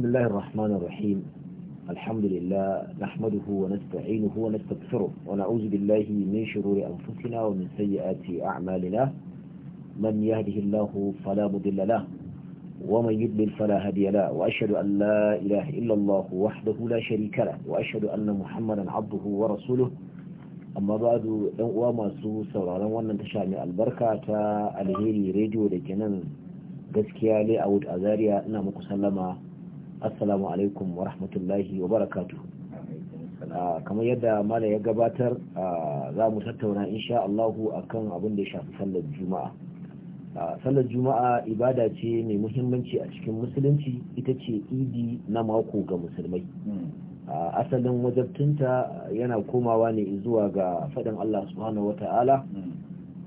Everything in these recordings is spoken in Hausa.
بسم الله الرحمن الرحيم الحمد لله نحمده ونستعينه ونستغفره ونعوذ بالله من شرور أنفسنا ومن سيئات أعمالنا من يهده الله فلا مضل له ومن يضلل فلا هادي له وأشهد أن لا إله إلا الله وحده لا شريك له وأشهد أن محمدا عبده ورسوله amma ba da ɗan uwa masu sauraron wannan tasha mai albarka ta alheri rediyo da ke nan gaskiya layout a zaria ina muku sallama assalamu alaikum wa rahmatullahi wa barakatu. Ah, kamar yadda mala ya gabatar ah, za mu tattauna insha Allahu akan abin da ya shafi sallar juma'a ah, sallar juma'a ibada ce mai muhimmanci a cikin musulunci ita ce idi na mako ga musulmai asalin wajabtinta yana komawa ne zuwa ga faɗin Allah subhanahu wa ta'ala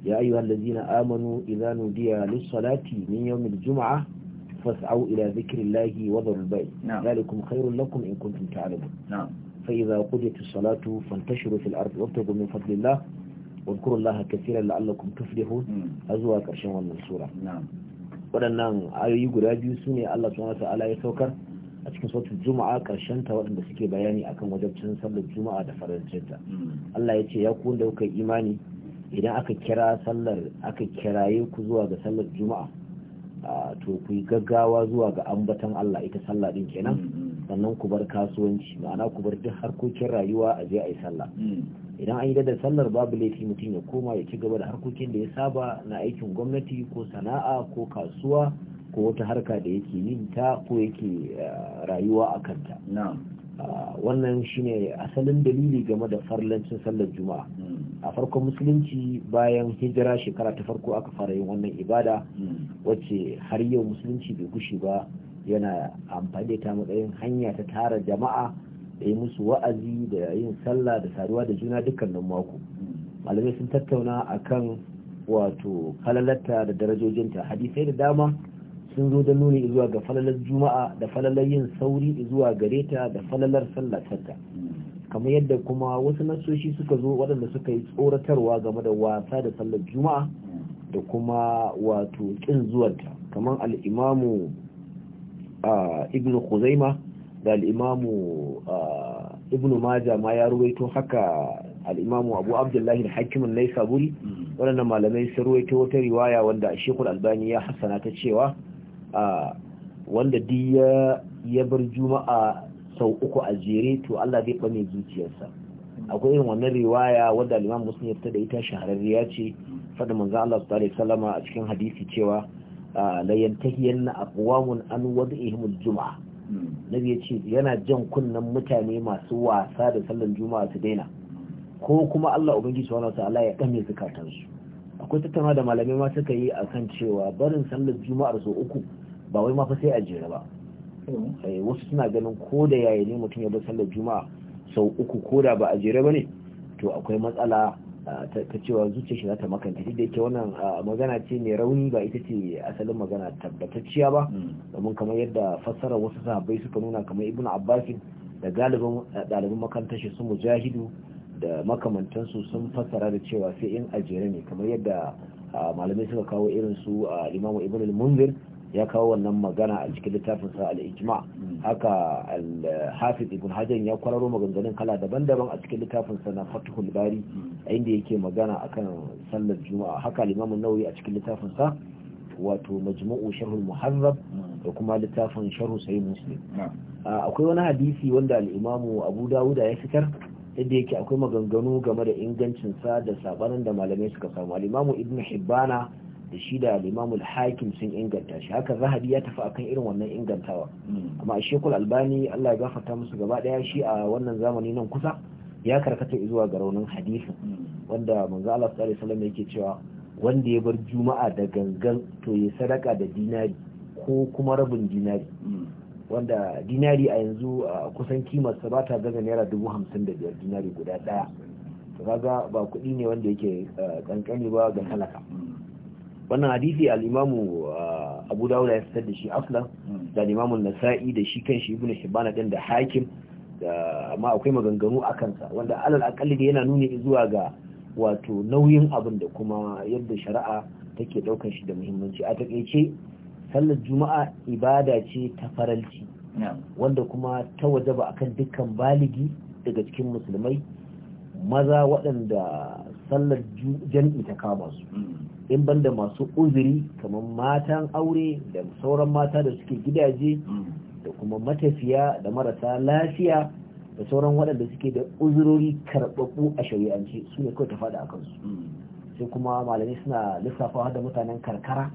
ya ayyuhallazina amanu idza nudiya lis-salati min yawmil jumu'ah فاسعوا إلى ذكر الله وذروا البيع ذلكم خير لكم إن كنتم تعلمون فإذا قضيت الصلاة فانتشروا في الأرض وابتغوا من فضل الله واذكروا الله كثيرا لعلكم تفلحون wannan sura waɗannan ayoyi guda biyu su ne Allah subhanahu ta'ala ya saukar a cikin sautin juma'a karshen ta waɗanda suke bayani akan wajabcin sallar juma'a da farancinta Allah ya ce ya ku wanda kuka imani idan aka kira sallar aka kiraye ku zuwa ga sallar juma'a to ku yi gaggawa zuwa ga ambatan Allah ita sallah din kenan mm-hmm. sannan ku bar kasuwanci ma'ana ku bar duk harkokin rayuwa a je a yi sallah mm. idan an yi da sallar babu laifi mutum ya koma ya ci gaba da harkokin da ya saba na aikin gwamnati ko sana'a ko kasuwa ko wata harka da yake yin ta ko yake rayuwa a kanta wannan shine asalin dalili game da farlancin sallar juma'a a farkon musulunci bayan hijira shekara ta farko aka fara yin wannan ibada wacce har yau musulunci bai gushi ba yana amfani da ta matsayin hanya ta tara jama'a da yi musu wa'azi da yin sallah da saduwa da juna dukkanin mako malamai sun tattauna akan wato falalarta da darajojinta hadisai da dama sun zo da nuni zuwa ga falalar juma'a da falalar yin sauri zuwa gare ta da falalar sallah kamar yadda kuma wasu nasoshi suka zo waɗanda suka yi tsoratarwa game da wasa da sallar juma'a da kuma wato ƙin zuwanta kamar al'imamu ibn khuzaima da al'imamu ibn maja ma ya ruwaito haka al'imamu abu abdullahi da hakimin nai saburi mm. waɗanda malamai sun ruwaito wata riwaya wanda shekul albani ya hassana ta cewa wanda duk ya bar juma'a sau uku a jere to Allah zai bane zuciyarsa akwai irin wannan riwaya wadda liman Muslim ya da ita shahararriya ce fada manzo Allah su alaihi salama a cikin hadisi cewa ah, la yantahiyanna aqwamun an wad'ihim al-jum'a nabi ya ce yana jan kunnen mutane masu wasa da sallan juma'a su daina ko kuma Allah ubangiji subhanahu wa ta'ala ya dame zukatansu akwai tattauna da malamai ma suka yi akan cewa barin sallar juma'ar sau uku ba wai ma fa sai a jere ba Hmm. Eh, wasu suna ganin ko da yaya ne mutum ya bar sallar juma'a sau uku ko da ba a jere ba ne to akwai matsala ah, ta cewa zuciya shi za ta makanta duk da yake wannan ah, magana ce mai rauni ba ita ce asalin magana tabbatacciya ba hmm. domin kamar yadda fassara wasu sahabbai suka nuna kamar ibnu abbasin da galibin ah, ɗalibin makarantar shi su mujahidu da makamantansu sun fassara da cewa sai in ajere ne kamar yadda malamai suka kawo irin su imamu ibn al-munzir ya kawo wannan magana a cikin littafin sa al-ijma haka al-hafiz ibn hajar ya kwararo maganganun kala daban-daban a cikin littafin sa na fathul bari inda yake magana akan sallar juma'a haka al-imam nawawi a cikin littafin sa wato majmu'u sharhul muharrab da kuma littafin sharhu sai muslim akwai wani hadisi wanda al-imamu abu dauda ya fitar inda yake akwai maganganu game da ingancin sa da sabanin da malamai suka samu al-imamu ibn hibbana da shi da limamul hakim sun inganta shi haka zahabi ya tafi akan irin wannan ingantawa hmm. amma shekul albani allah ya gafarta musu gaba daya shi a wannan zamani nan kusa ya karkata zuwa ga raunin hadisi hmm. wanda manzo allah sallallahu alaihi wasallam yake cewa wanda ya bar juma'a da gangan to ya sadaka da dinari ko kuma rabin dinari hmm. wanda dinari a yanzu kusan kimar sa bata ga naira dubu hamsin dinari guda daya kaga ba kuɗi ne wanda yake kankani eh, ba ga talaka wannan hadisi al-imamu uh, abu dawud ya fitar da shi aslan hmm. da al-imamu nasa'i da shi kan shi ibn hibana din da hakim da amma akwai maganganu a kansa wanda alal akalli da yana nuni zuwa ga wato nauyin abin da kuma yadda shari'a take daukar shi da muhimmanci a takeice sallar juma'a ibada ce ta faralci wanda kuma ta wajaba akan dukkan baligi daga cikin musulmai maza waɗanda sallar jan'i ta kama su in banda masu uzuri kamar matan aure da sauran mata da suke gidaje da kuma matafiya da marasa lafiya da sauran waɗanda suke da uzurori karɓaɓɓu a shari'ance su ne kawai ta faɗa a kansu sai kuma malamai suna lissafawa da mutanen karkara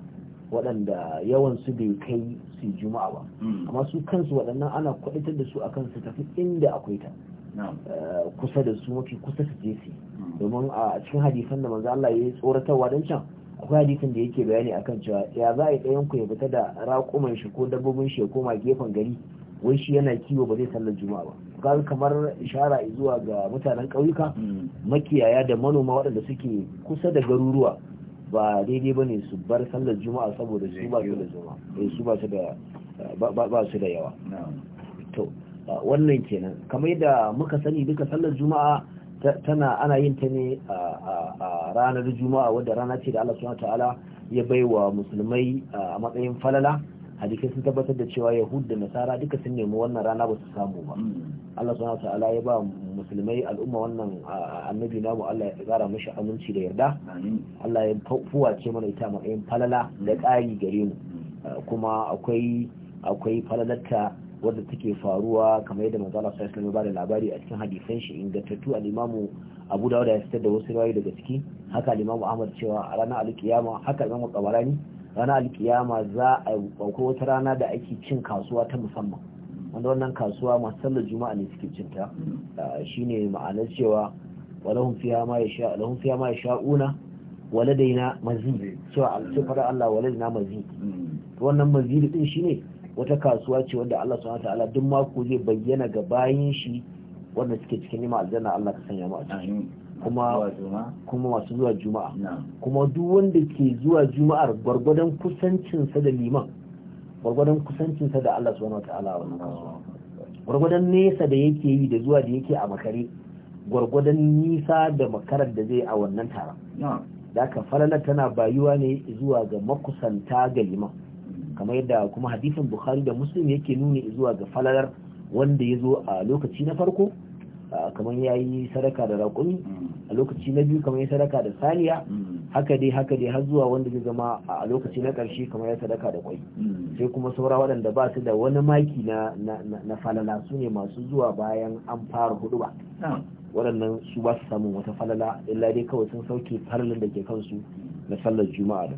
waɗanda yawan su bai kai su juma'a ba amma su kansu waɗannan ana kwaɗitar da su akan su tafi inda akwai ta Eh, kusa da su mafi kusa su je su hmm. domin a cikin hadisan da manzo Allah ya yi tsoratarwa don can akwai hadisin da yake bayani akan cewa ya za a yi ɗayan ku ya fita da raƙuman shi ko dabbobin shi ya koma gefen gari wai shi yana kiwo ba zai sallar juma'a ba ga kamar ishara zuwa ga mutanen ƙauyuka hmm. makiyaya da manoma waɗanda suke kusa da garuruwa ba daidai bane su bar sallar juma'a saboda su ba su da yawa wannan kenan kamar yadda muka sani duka sallar juma'a tana ana yin ta ne a ranar juma'a wadda rana ce da Allah subhanahu ta'ala ya baiwa musulmai a matsayin falala hadisi sun tabbatar da cewa yahud da nasara duka sun nemi wannan rana ba su samu ba mm. Allah subhanahu ta'ala ya ba musulmai al'umma wannan annabi namu Allah ya kara mishi aminci da yarda Allah ya ce mana ita matsayin falala da ƙari gare mu mm. kuma akwai akwai falalarta wadda take faruwa kamar yadda manzo Allah sallallahu alaihi wasallam labari a cikin hadisan shi ingantattu al-Imam Abu Dawud ya fitar da wasu rawayi daga ciki haka al-Imam Ahmad cewa a ranar al-Qiyama haka Imam Tabarani ranar al-Qiyama za a bauko wata rana da ake cin kasuwa ta musamman wanda wannan kasuwa masu sallar juma'a ne suke cin ta shine ma'anar cewa walahum fiha ma yasha lahum fiha ma yasha'una waladaina mazid cewa al-sifara Allah waladaina mazid mm. wannan mazid din shine wata kasuwa ce wanda Allah subhanahu wataala duk mako zai bayyana ga bayin shi wanda suke cikin nima aljanna Allah ka sanya mu a kuma kuma masu zuwa juma'a kuma duk wanda ke zuwa juma'ar gwargwadon kusancinsa da liman gwargwadon kusancinsa da Allah subhanahu wataala a wannan gwargwadon nesa da yake yi da zuwa da yake a makare gwargwadon nisa da makarar da zai a wannan taron da ka falala tana bayuwa ne zuwa ga makusanta ga liman kamar yadda kuma hadisin bukhari da muslim yake nuni zuwa ga falalar wanda ya zo a lokaci na farko kamar ya yi sadaka da raƙumi a lokaci na biyu kamar ya sadaka da saniya haka dai haka dai har zuwa wanda zai zama a lokaci na ƙarshe kamar ya sadaka da kwai sai kuma saura waɗanda ba su da wani maki na na falala su ne masu zuwa bayan an fara huɗu ba waɗannan su ba su samun wata falala illa dai kawai sun sauke faralin da ke kansu na sallar juma'a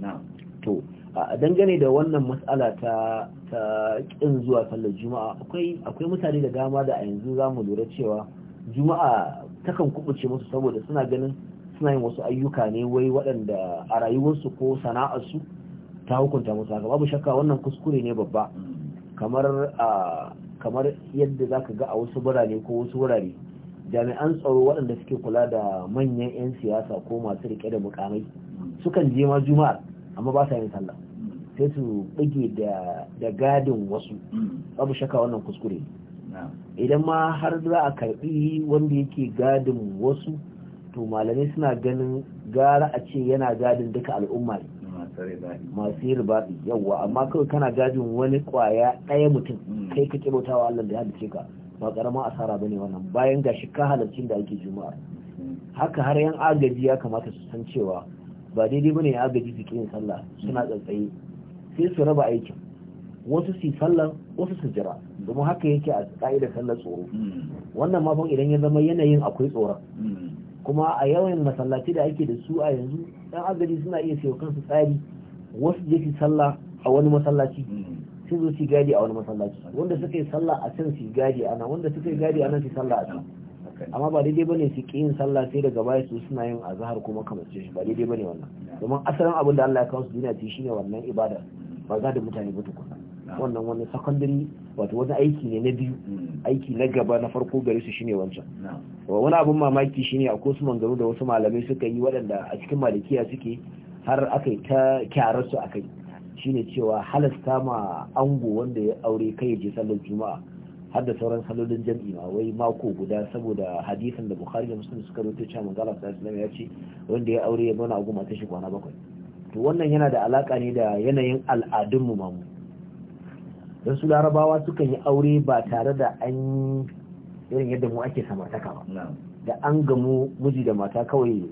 da to a dangane da wannan matsala ta ta zuwa sallar juma'a akwai mutane da dama da a yanzu za mu lura cewa juma'a takan kubuce musu saboda suna ganin suna yin wasu ayyuka ne wai waɗanda a rayuwarsu ko sana'arsu ta hukunta musu haka babu shakka wannan kuskure ne babba kamar a kamar yadda zaka ga a wasu birane ko wasu wurare jami'an tsaro waɗanda suke kula da manyan 'yan siyasa ko masu rike da mukamai sukan je ma juma'a amma ba sa yin sallah sai su buge da gadin wasu babu shaka wannan kuskure idan ma har za a karbi wanda yake gadin wasu to malamai suna ganin gara a ce yana gadin duka al'umma ne masu yi ribaɗi yawwa amma kawai kana gadin wani kwaya ɗaya mutum hmm. kai ka wa Allah da ya ce ka ba karamin asara bane wannan bayan gashi ka halarcin da ake juma'a hmm. haka har yan agaji ya kamata su san cewa ba daidai bane ya gaji jikin yin sallah suna tsantsaye sai su raba aikin wasu su sallar wasu su jira domin haka yake a ka'idar sallar tsoro hmm. wannan ma idan ya zama yanayin akwai tsoron hmm. kuma a yawan masallaci da ake da su a yanzu dan agaji suna iya sayo kansu tsari wasu je su sallah a wani masallaci hmm. sai zo su gadi a wani masallaci wanda suka yi sallah a can su gadi ana wanda suka yi gadi a nan su sallah a can amma ba daidai bane su ki yin sallah sai daga baya su suna yin azhar kuma kamar shi ba daidai bane wannan domin asalin abin da Allah ya kawo su duniya ce shine wannan ibada ba za da mutane ba tukuna wannan wani secondary wato wani aiki ne na biyu hmm. aiki na gaba na farko gare su shine wancan wani abin mamaki shine akwai su manzaro da wasu malamai suka yi waɗanda a cikin malikiya suke har aka yi ta kyararsu a kai shine cewa halasta ma ango wanda ya aure kai ya je sallar juma'a har da sauran salolin jam'i ma wai mako guda saboda hadisin da bukhari da muslim suka rubuta cewa manzo Allah sallallahu ya ce wanda ya aure ya zauna a goma ta shi kwana bakwai to wannan yana da alaka ne da yanayin al'adun mu mamu dan su larabawa sukan yi aure ba tare da an irin yadda mu ake samartaka ba da an gamu miji da mata kawai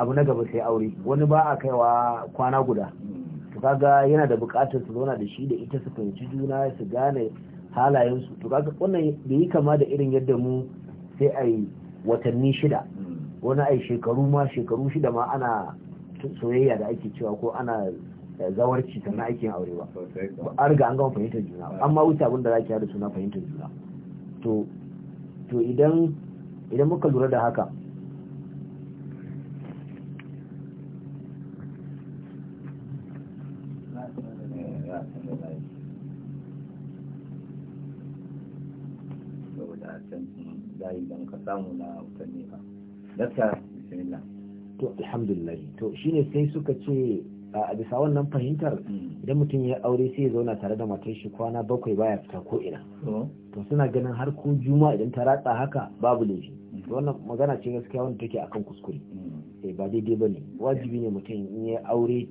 abu na gaba sai aure wani ba a kaiwa kwana guda mm. to kaga yana da bukatar su zauna da shi da ita su fahimci juna su gane halayensu to kaga wannan bai yi kama da irin yadda mu sai a yi watanni shida wani a shekaru ma shekaru shida ma ana soyayya da ake cewa ko ana zawarci sannan ake aure ba a riga an gama fahimtar juna amma wuce abin da za ki da suna fahimtar juna to idan muka lura da haka layi don ka samu na bismillah to alhamdulillah to shine sai suka ce a bisa wannan fahimtar mm. idan mutum ya aure sai ya zauna tare da matar shi kwana bakwai baya fita ko ina to suna ganin har ko juma idan ta ratsa haka babu laifi mm. wannan magana ce gaskiya wanda take akan kuskure mm. eh, ba daidai ne wajibi ne mutum in ya aure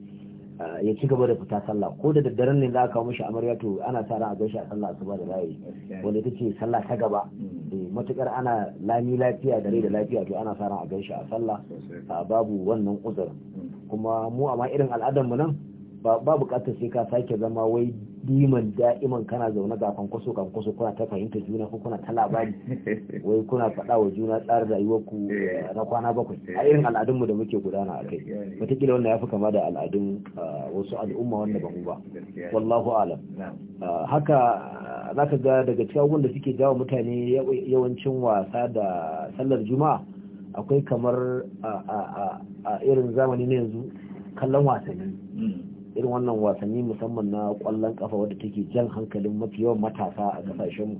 ya ci gaba da fita sallah ko da daddare ne za a kawo mishi amarya to ana sa ran a gaishe a sallah asuba da layi wanda ita ce sallah ta gaba mm. eh, matukar ana lami lafiya da rai da lafiya to ana sa ran a gaishe a sallah ah, babu wannan uzurin mm. kuma mu amma irin al'adar mu nan ba bukatar sai ka sake zama wai diman da'iman kana zaune ga kwankwaso kwankwaso kuna ta fahimta juna ko kuna ta labari wai kuna faɗa wa juna tsarin rayuwarku na kwana bakwai a irin al'adunmu da muke gudana a kai wataƙila wannan ya fi kama da al'adun ah, wasu al'umma wanda ba mu ba wallahu alam ah, haka ah, za ka ga daga cikin da suke jawo mutane yawancin wasa da sallar juma'a akwai kamar a irin zamani na yanzu kallon wasanni mm. irin wannan wasanni musamman na kwallon kafa wadda take jan hankalin mafi yawan matasa a kasashen mu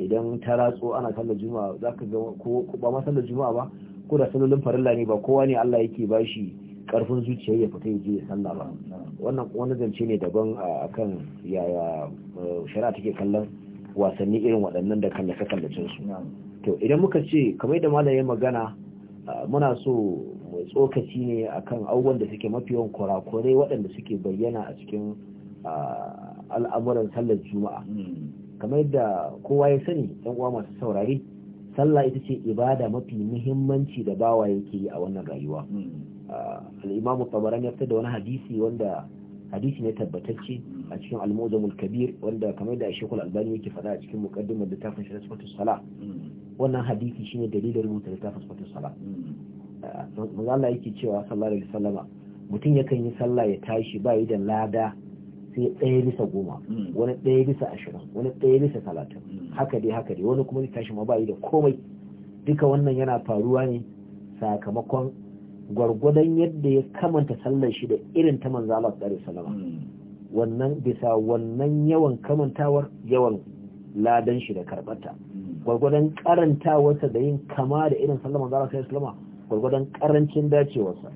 idan ta ratso ana sallar juma'a zaka ga ko ba ma sallar juma'a ba ko da sallolin farilla ne ba kowa ne Allah yake bashi karfin zuciya ya fita yaje ya sallah ba wannan wani zance ne daban akan yaya uh, shari'a take kallon wasanni irin waɗannan da kallace kallacen su to idan muka ce kamar da malamin magana uh, muna so tsokaci ne akan abubuwan da suke mafi yawan kurakurai waɗanda suke bayyana a cikin al'amuran sallar juma'a hmm. kamar yadda kowa ya sani yan uwa masu saurari sallah ita ce ibada mafi muhimmanci da bawa yake yi a wannan rayuwa hmm. al'imamu tabaran ya da wani hadisi wanda hadisi ne tabbatacce hmm. a cikin al kabir wanda kamar da shekul albani yake faɗa a cikin muqaddimar littafin shi na sala wannan hadisi shine dalilin rubuta littafin sifatu sala manzo yake cewa sallallahu alaihi wasallama mutum yakan yi sallah ya tashi ba yi da lada sai ɗaya bisa goma mm. wani ɗaya bisa ashirin wani ɗaya bisa talatin mm. haka dai haka dai wani kuma zai tashi ma ba yi da komai duka wannan yana faruwa ne sakamakon gwargwadon yadda ya kamanta sallar shi da irin ta manzo sallallahu alaihi mm. wannan bisa wannan yawan kamantawar yawan ladan shi da karbata gwargwadon karantawarsa da yin kama da irin sallar manzo Allah sallallahu alaihi gwargwadon karancin dacewarsa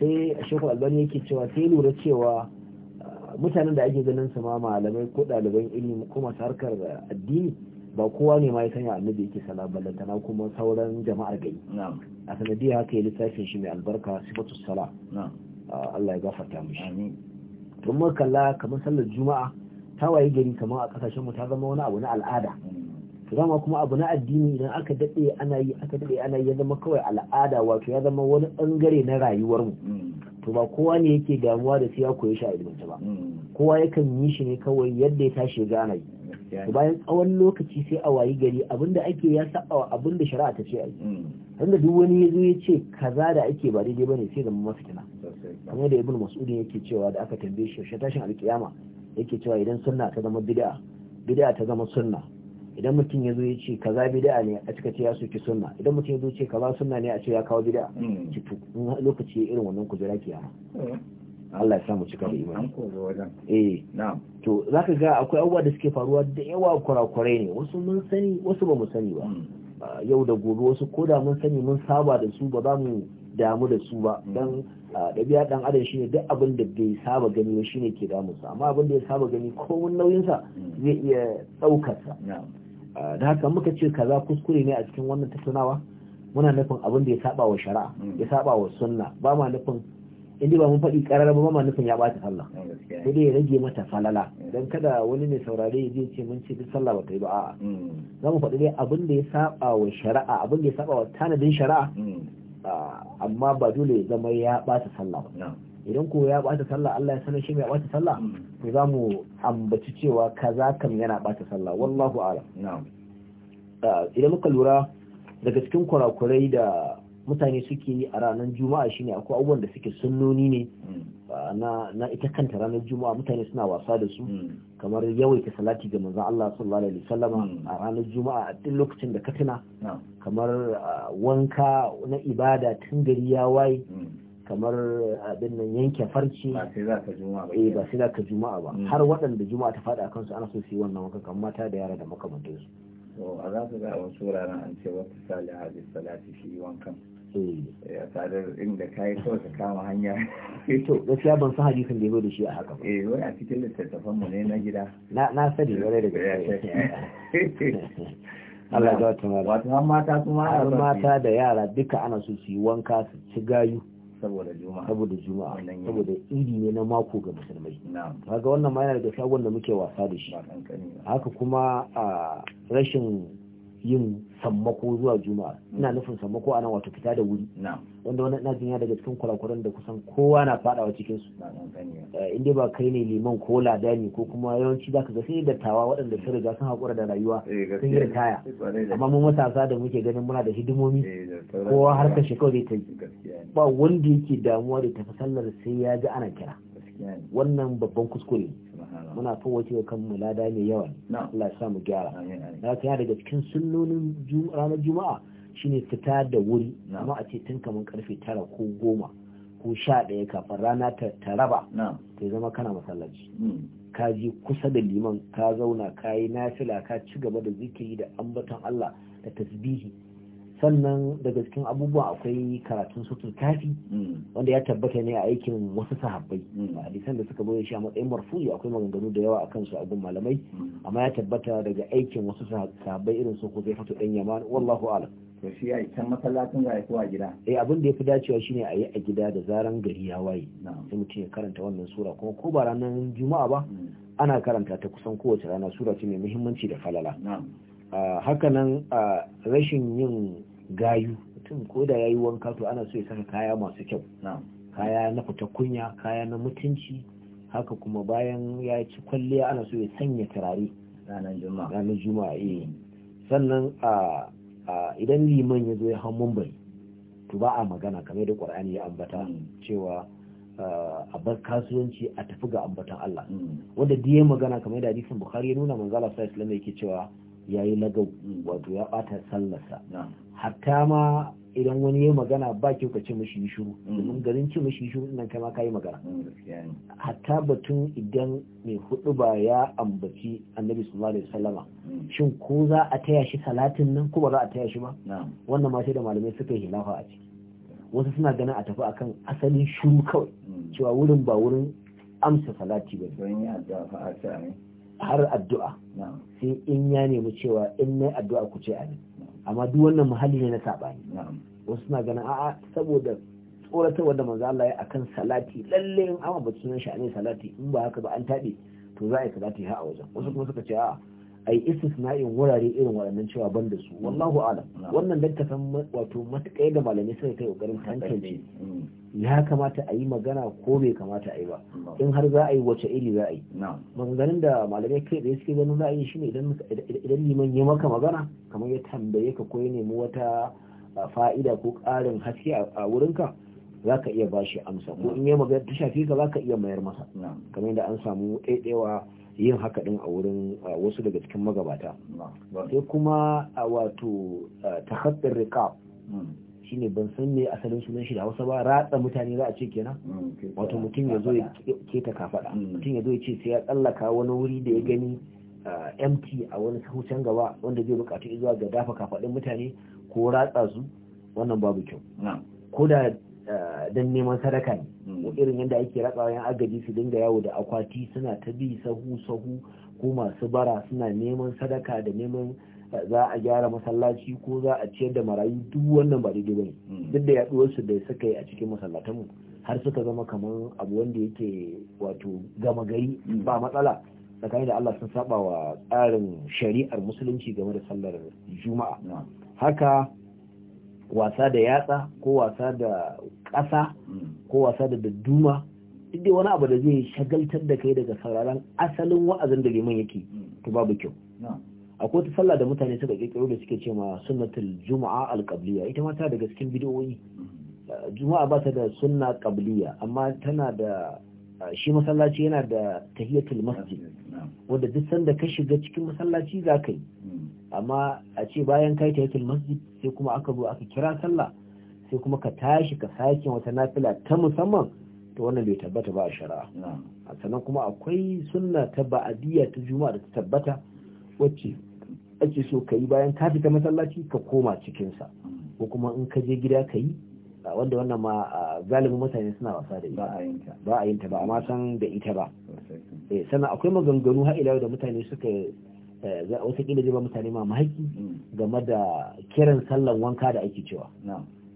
sai a shekwa albani yake cewa sai lura cewa ah, mutanen da ake ganin su ma malamai ko ɗaliban ilimi kuma su harkar addini ba kowa ne ma ya sanya annabi yake ba ballantana kuma sauran jama'ar gari a sanadiyar haka ya littafin shi mai albarka sifatu sala ah, Allah ya gafarta mishi don kalla kamar sallar juma'a ta waye gari kamar a kasashen mu ta zama wani abu na al'ada zama kuma abu na addini idan aka daɗe ana yi aka daɗe ana yi ya zama kawai al'ada wato ya zama wani ɓangare na rayuwar mu mm. to ba kowa ne yake damuwa da sai ya koyi shi a ilimance ba mm. kowa yakan yi shi ne kawai yadda ya tashi ga ana to bayan tsawon lokaci sai a wayi gari abinda ake ya saba wa abinda shari'a ta ce a yi tunda mm. duk wani ya zo ya ce kaza da ake ba daidai bane sai zama mafitina kamar da ibn mas'udin yake cewa da aka tambaye shi tashin alkiyama yake cewa idan sunna ta zama bid'a bid'a ta zama sunna idan mutum ya zo ya ce kaza bid'a ne a cika ce ya soki sunna idan mutum ya zo ce kaza sunna ne a ce ya kawo bid'a cikin hmm. to lokaci irin wannan kujera ke yana hmm. Allah ya samu cika da iman eh to zaka ga akwai abubuwa da suke faruwa da yawa kurakurai ne wasu mun sani wasu ba mu sani hmm. ba yau da gobe wasu ko da mun sani mun saba da su ba za mu damu da su ba dan ɗabi'a ɗan adam shine duk abin da bai saba gani ba shine ke su amma abin da ya saba gani ko nauyinsa nauyinsa zai iya ɗaukarsa Ah, da haka muka ce kaza kuskure ne a cikin wannan tattaunawa muna nufin abin da ya saba wa shari'a mm. ya saba wa sunna ba ma nufin inda ba mun faɗi ƙarara ba ma nufin ya ɓata sallah mm, sai dai ya rage mata falala mm. don kada wani mai saurare ya je ce mun ce duk sallah ba ta yi ba a'a za mu faɗi dai abin da ya saba wa shari'a abin da ya saba wa tanadin shari'a ah, amma ba dole ya zama ya ɓata sallah ba idan ko ya bata sallah Allah ya sanar shi mai bata sallah hmm. to za mu ambaci cewa kaza kam yana bata sallah wallahu a'lam na'am ah, idan muka lura daga cikin kurakurai da mutane suke a ranar juma'a shine akwai abubuwan da suke sunnoni ne hmm. na ita kanta ranar juma'a mutane suna wasa da su hmm. kamar yawaita salati ga manzon Allah sallallahu alaihi a ranar juma'a a duk lokacin da ka tuna kamar ah, wanka na ibada tun gari ya waye kamar abin nan yanke farce ba sai za ka juma'a ba eh, mm. har waɗanda juma'a ta faɗa kansu ana so su yi wannan wankan kamar mata da yara da makamantansu to a za su ga wasu wuraren an ce wata sali hadis salati shi wankan eh. ya sadar inda ka yi kawai ka kama hanya to gaskiya ban san hadisin da ya zo da shi a haka ba eh wani a cikin littattafan mu ne na gida na na sani eh, wani daga Allah ya wata mata. Wato mata kuma har mata da yara duka ana so su yi wanka su ci gayu. saboda juma'a saboda juma'a saboda idi ne na mako ga musulmai kaga wannan ma yana da shagon da muke wasa da shi haka kuma a rashin yin sammako zuwa juma'a ina nufin sammako ana wato fita da wuri wanda wani na ya daga cikin kurakuran da kusan kowa na fadawa cikin su eh, inda ba kai ne liman ko ladani ko kuma yawanci zaka ga sai dattawa waɗanda sun riga sun haƙura da rayuwa eh, sun yi ritaya eh, amma mu matasa da muke ganin muna da hidimomi kowa har ka shekau zai ta yi ba wanda yake damuwa da tafi sallar sai ya ji ana kira wannan babban kuskure ne muna ta wace wa kanmu lada mai yawa Allah ya samu gyara na ta daga cikin sunnonin ranar juma'a shine fita da wuri amma a ce tun kamar karfe tara ko goma ko sha ɗaya kafin rana ta raba ta zama kana masallaci mm. ka ji kusa da liman ka zauna ka yi nafila ka ci gaba da zikiri da ambaton Allah da tasbihi sannan daga cikin abubuwa akwai karatun sutul kafi hmm. wanda ya tabbata ne a aikin wasu sahabbai hmm. hadisan da suka bayyana shi a matsayin marfu'i akwai maganganu da yawa akan su a malamai hmm. amma ya tabbata daga aikin wasu sahabbai irin su ko zai fito dan yaman wallahu alam to shi ya can masallacin ga ko gida eh abin da yafi dacewa shine a yi a gida da zaran gari ya waye sai mutum ya karanta wannan sura kuma ko ba ranar juma'a ba ana karanta ta kusan kowace rana sura ce mai muhimmanci da falala ah, hakanan ah, rashin yin gayu mutum ko da yayi wanka to ana so ya saka kaya masu kyau kaya na fita kunya kaya na mutunci haka kuma bayan ya ci kwalliya ana so ya sanya turare ranar juma'a eh mm. sannan a idan liman ya zo ya hau mumbai to ba a magana kamar da ƙwar'ani ya ambata mm. cewa a bar kasuwanci a tafi ga ambatan Allah mm. wanda diye magana kamar da hadisin bukhari ya nuna manzala sallallahu alaihi wasallam yake cewa ya yi laga wato ya bata sallarsa hatta ma idan wani ya magana ba kyau ka ce mashi yi shuru mm. domin garin ce mashi yi shuru nan kai ma ka yi magana mm, hatta batun idan mai hudu ba ya ambaci annabi sallallahu alaihi wasallama mm. shin ko za a taya shi salatin nan ko ba za a taya shi ba wannan ma sai da malamai suka yi hilafa a ciki wasu suna ganin a tafi akan asalin shuru kawai cewa wurin ba wurin amsa salati ba ne har addu'a sai in ya nemi cewa in na addu'a ku ce amin amma duk wannan muhalli ne na saɓani wasu na ganin a'a saboda tsoratar wanda manzo Allah ya akan salati lalle in amma ba sunan shi ne salati in ba haka ba an taɓe to za a yi salati ha a wajen wasu kuma suka ce a'a a yi istisna'in wurare irin waɗannan cewa ban da su wallahu alam wannan san wato matakai da malamai suka kai ƙoƙarin tantance mm. ya kamata a yi magana ko bai kamata a yi ba in har za a yi wace iri za a yi maganganun da malamai kai da suke ganin za a yi shine idan liman ya maka magana kamar ya tambaye ka ko ya nemi wata fa'ida ko ƙarin haske a wurinka za ka iya bashi amsa ko in ya magana ta shafi ka za ka iya mayar masa kamar yadda an samu ɗaiɗewa yin haka din a wurin wasu daga cikin magabata sai kuma a wato takhaddar shi hmm. shine ban san me asalin sunan shi da Hausa ba ratsa mutane za a ce kenan hmm, wato mutum ya zo ya keta kafaɗa hmm. mutum ya zo ya ce sai ya tsallaka wani wuri da ya gani empty a wani sahucan gaba wanda zai bukatu zuwa ga dafa kafadin mutane ko ratsa su wannan babu kyau ko da dan neman sadaka ne ko irin yadda ake ratsawa yan agaji su dinga yawo da akwati suna ta bi sahu sahu ko masu bara suna neman sadaka da neman eh, za a gyara masallaci ko za a ciyar da marayu duk wannan ba daidai bane hmm. duk da su da suka yi a cikin masallatan mu har suka zama kamar abu wanda yake wato gama gari hmm. ba matsala tsakanin da Allah sun saba wa tsarin shari'ar musulunci game da sallar juma'a haka wasa da yatsa ko wasa da ƙasa mm. ko wasa da dadduma duk dai wani abu da zai shagaltar da kai daga sauraron asalin wa'azin da liman yake mm. to babu kyau akwai ta sallah da mutane suka kirkiro da suke cewa sunnatul juma'a alqabliya ita ma ta daga cikin bidiyoyi mm. uh, juma'a ba ta da sunna qabliya amma tana da uh, shi masallaci yana da tahiyatul masjid wanda duk sanda ka shiga cikin masallaci za ka yi amma a ce bayan kai ta yakin masjid sai kuma aka zo aka kira sallah sai kuma ka tashi ka sake wata nafila ta musamman to wannan bai tabbata ba a shari'a sannan kuma akwai sunna ta ba'adiyya ta juma'a da ta tabbata wacce ake so ka yi bayan ka fita masallaci ka koma cikinsa ko kuma in ka je gida ka yi wanda wannan ma galibin mutane suna wasa da ita ba a yin ta ba amma san da ita ba eh, sannan akwai maganganu har ila da mutane suka Eh, watakila zai ba mutane ma mahaƙi. Mm. game da kiran sallan wanka da ake cewa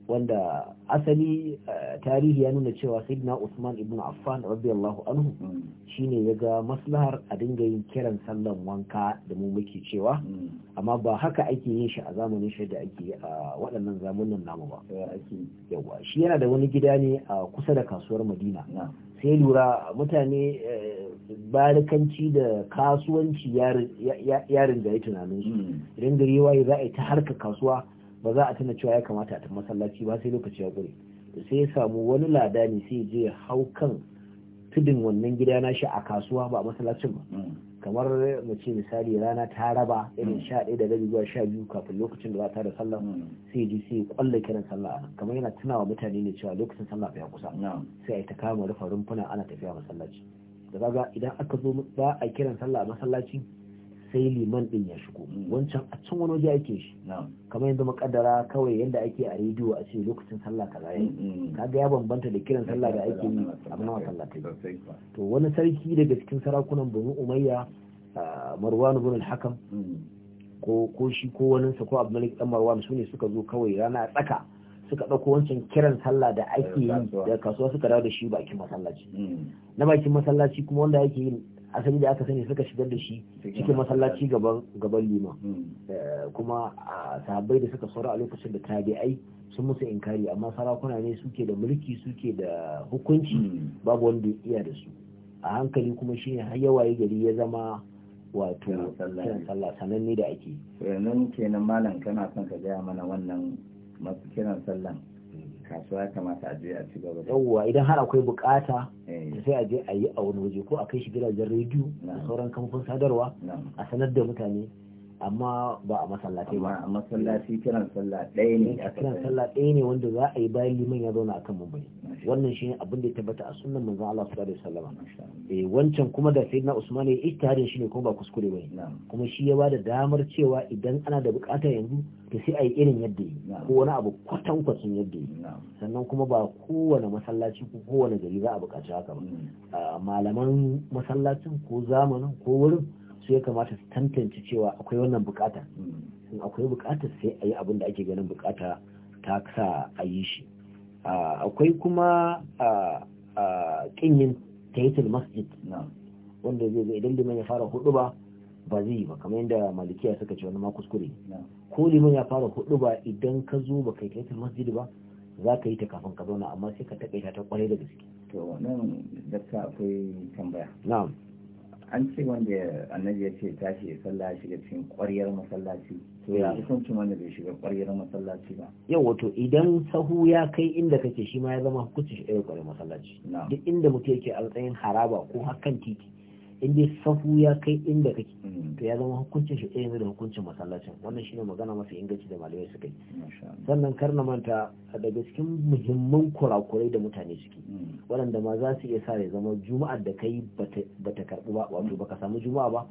wanda asali eh, tarihi ya nuna cewa sayyidina Usman ibn Affan radiyallahu anhu mm. shine ya ga maslahar a dinga yin kiran sallan wanka da mu muke cewa mm. amma ba haka ake yin shi a zamanin shi da ake a waɗannan zamanin namu ba yawa shi yana da wani gida ne a kusa da kasuwar Madina sai lura mutane eh, barikanci da kasuwanci yarin da ya tunanin su hmm. idan gari waye za a yi ta harka kasuwa ba za a tuna cewa ya kamata a ta masallaci ba sai lokaci ya ƙure sai ya samu wani lada ne sai je hau kan tudun wannan gida na shi a kasuwa ba a masallacin ba hmm. kamar ce misali rana ta raba irin hmm. sha ɗaya da rabi zuwa sha biyu kafin lokacin da za ta da sallah sai ya ji sai ya kwalla kiran sallah kamar yana tunawa mutane ne cewa lokacin sallah ya kusa sai a yi ta kama rufa rumfuna ana tafiya masallaci da kaga idan aka zo ba a kiran sallah a masallaci sai liman din ya shigo wancan a can wani waje ake shi kamar yanzu makaddara kawai yanda ake a rediyo a ce lokacin sallah kaza yayi mm, mm. kaga ya bambanta da kiran sallah da ake yi a nan masallaci to wani sarki daga cikin sarakunan Bani Umayya Marwan ibn al-Hakam mm. ko ko shi ko wani sa ko Abdulmalik dan Marwan sune suka zo kawai rana tsaka suka ɗauko wancan kiran sallah da ake yi da kasuwa suka dawo da shi bakin masallaci hmm. na bakin masallaci kuma wanda ake yi asali da aka sani suka shigar da shi cikin masallaci gaban lima hmm. eh, kuma sahabbai da suka saura a lokacin da tabi'ai sun musu inkari amma sarakuna ne suke da mulki suke da hukunci hmm. babu wanda ya iya da su a hankali kuma shi har yawa ya gari ya zama wato kiran sallah sananne da ake yanzu kenan malam kana son ka gaya mana wannan masu kiran sallan kasuwa ya kamata a je a ci gaba yawwa idan har akwai bukata eh. sai a je a yi a wani waje ko a kai shi gidajen rediyo a sauran kamfan sadarwa a sanar da mutane amma ba a masallaci ba a masallaci kiran sallah ɗaya ne a kiran sallah ɗaya ne wanda za a yi bayan liman ya zauna akan mambari wannan shi ne abin ya tabbata a sunnan manzon Allah sallallahu alaihi wasallam eh wancan kuma da sayyidina Usman ya ijtihadin shi ne kuma ba kuskure bane kuma shi ya ba da damar cewa idan ana da bukata yanzu to sai a yi irin yadda yi ko wani abu kwatan kwatan yadda yi sannan kuma ba kowane masallaci ko kowane gari za a bukaci haka ba mm. ah, malaman masallacin ko zamanin ko wurin su ya kamata su tantance cewa akwai wannan bukata in akwai bukata sai a yi abin da ake ganin bukata ta sa a yi shi akwai kuma kinyin taitul masjid wanda zai zai idan liman ya fara hudu ba ba zai yi ba kamar yadda malikiya suka ce wani ma kuskure ko liman ya fara hudu ba idan ka zo ba kai taitul masjid ba za ka yi ta kafin ka zauna amma sai ka takaita ta kwarai da gaske to nan dakta akwai tambaya na'am an ce wanda annabi ya ce tashi ya sallah ya shiga cikin ƙwaryar masallaci to ya hukuncin wanda bai shiga ƙwaryar masallaci ba yau wato idan sahu ya kai inda kake shi ma ya zama hukuncin shi ɗaya ƙwaryar masallaci duk inda mutum yake a matsayin haraba ko hakan titi in dai safu ya kai inda kake hmm. to ya zama hukuncin shi ɗaya da hukuncin masallacin wannan shine magana mafi inganci da malamai suka yi sannan kar na manta daga cikin muhimman kurakurai da mutane suke hmm. waɗanda ma za su iya sa ya zama juma'ar da kai ba ta karɓi ba wato baka samu juma'a ba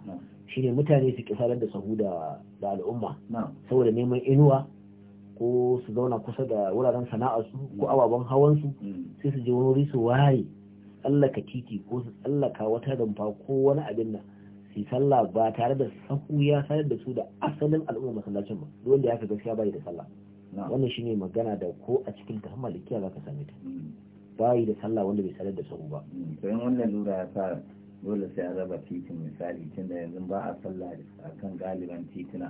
shine mutane su ki da sahu da al'umma saboda neman inuwa ko su zauna kusa da wuraren sana'a su ko hmm. ababen hawan su sai su je wani wuri su waye tsallaka titi ko su tsallaka wata rumfa ko wani abin nan su sallah ba tare da sahu ya sanar da su da asalin al'ummar masallacin ba duk wanda ya ka gaskiya bai da sallah wannan shine magana da ko a cikin ta malikiya zaka same ta mm. bayi da sallah wanda bai sanar da sahu ba mm. to in wannan lura ya sa dole sai a raba titin misali tunda yanzu ba a sallah akan galiban titina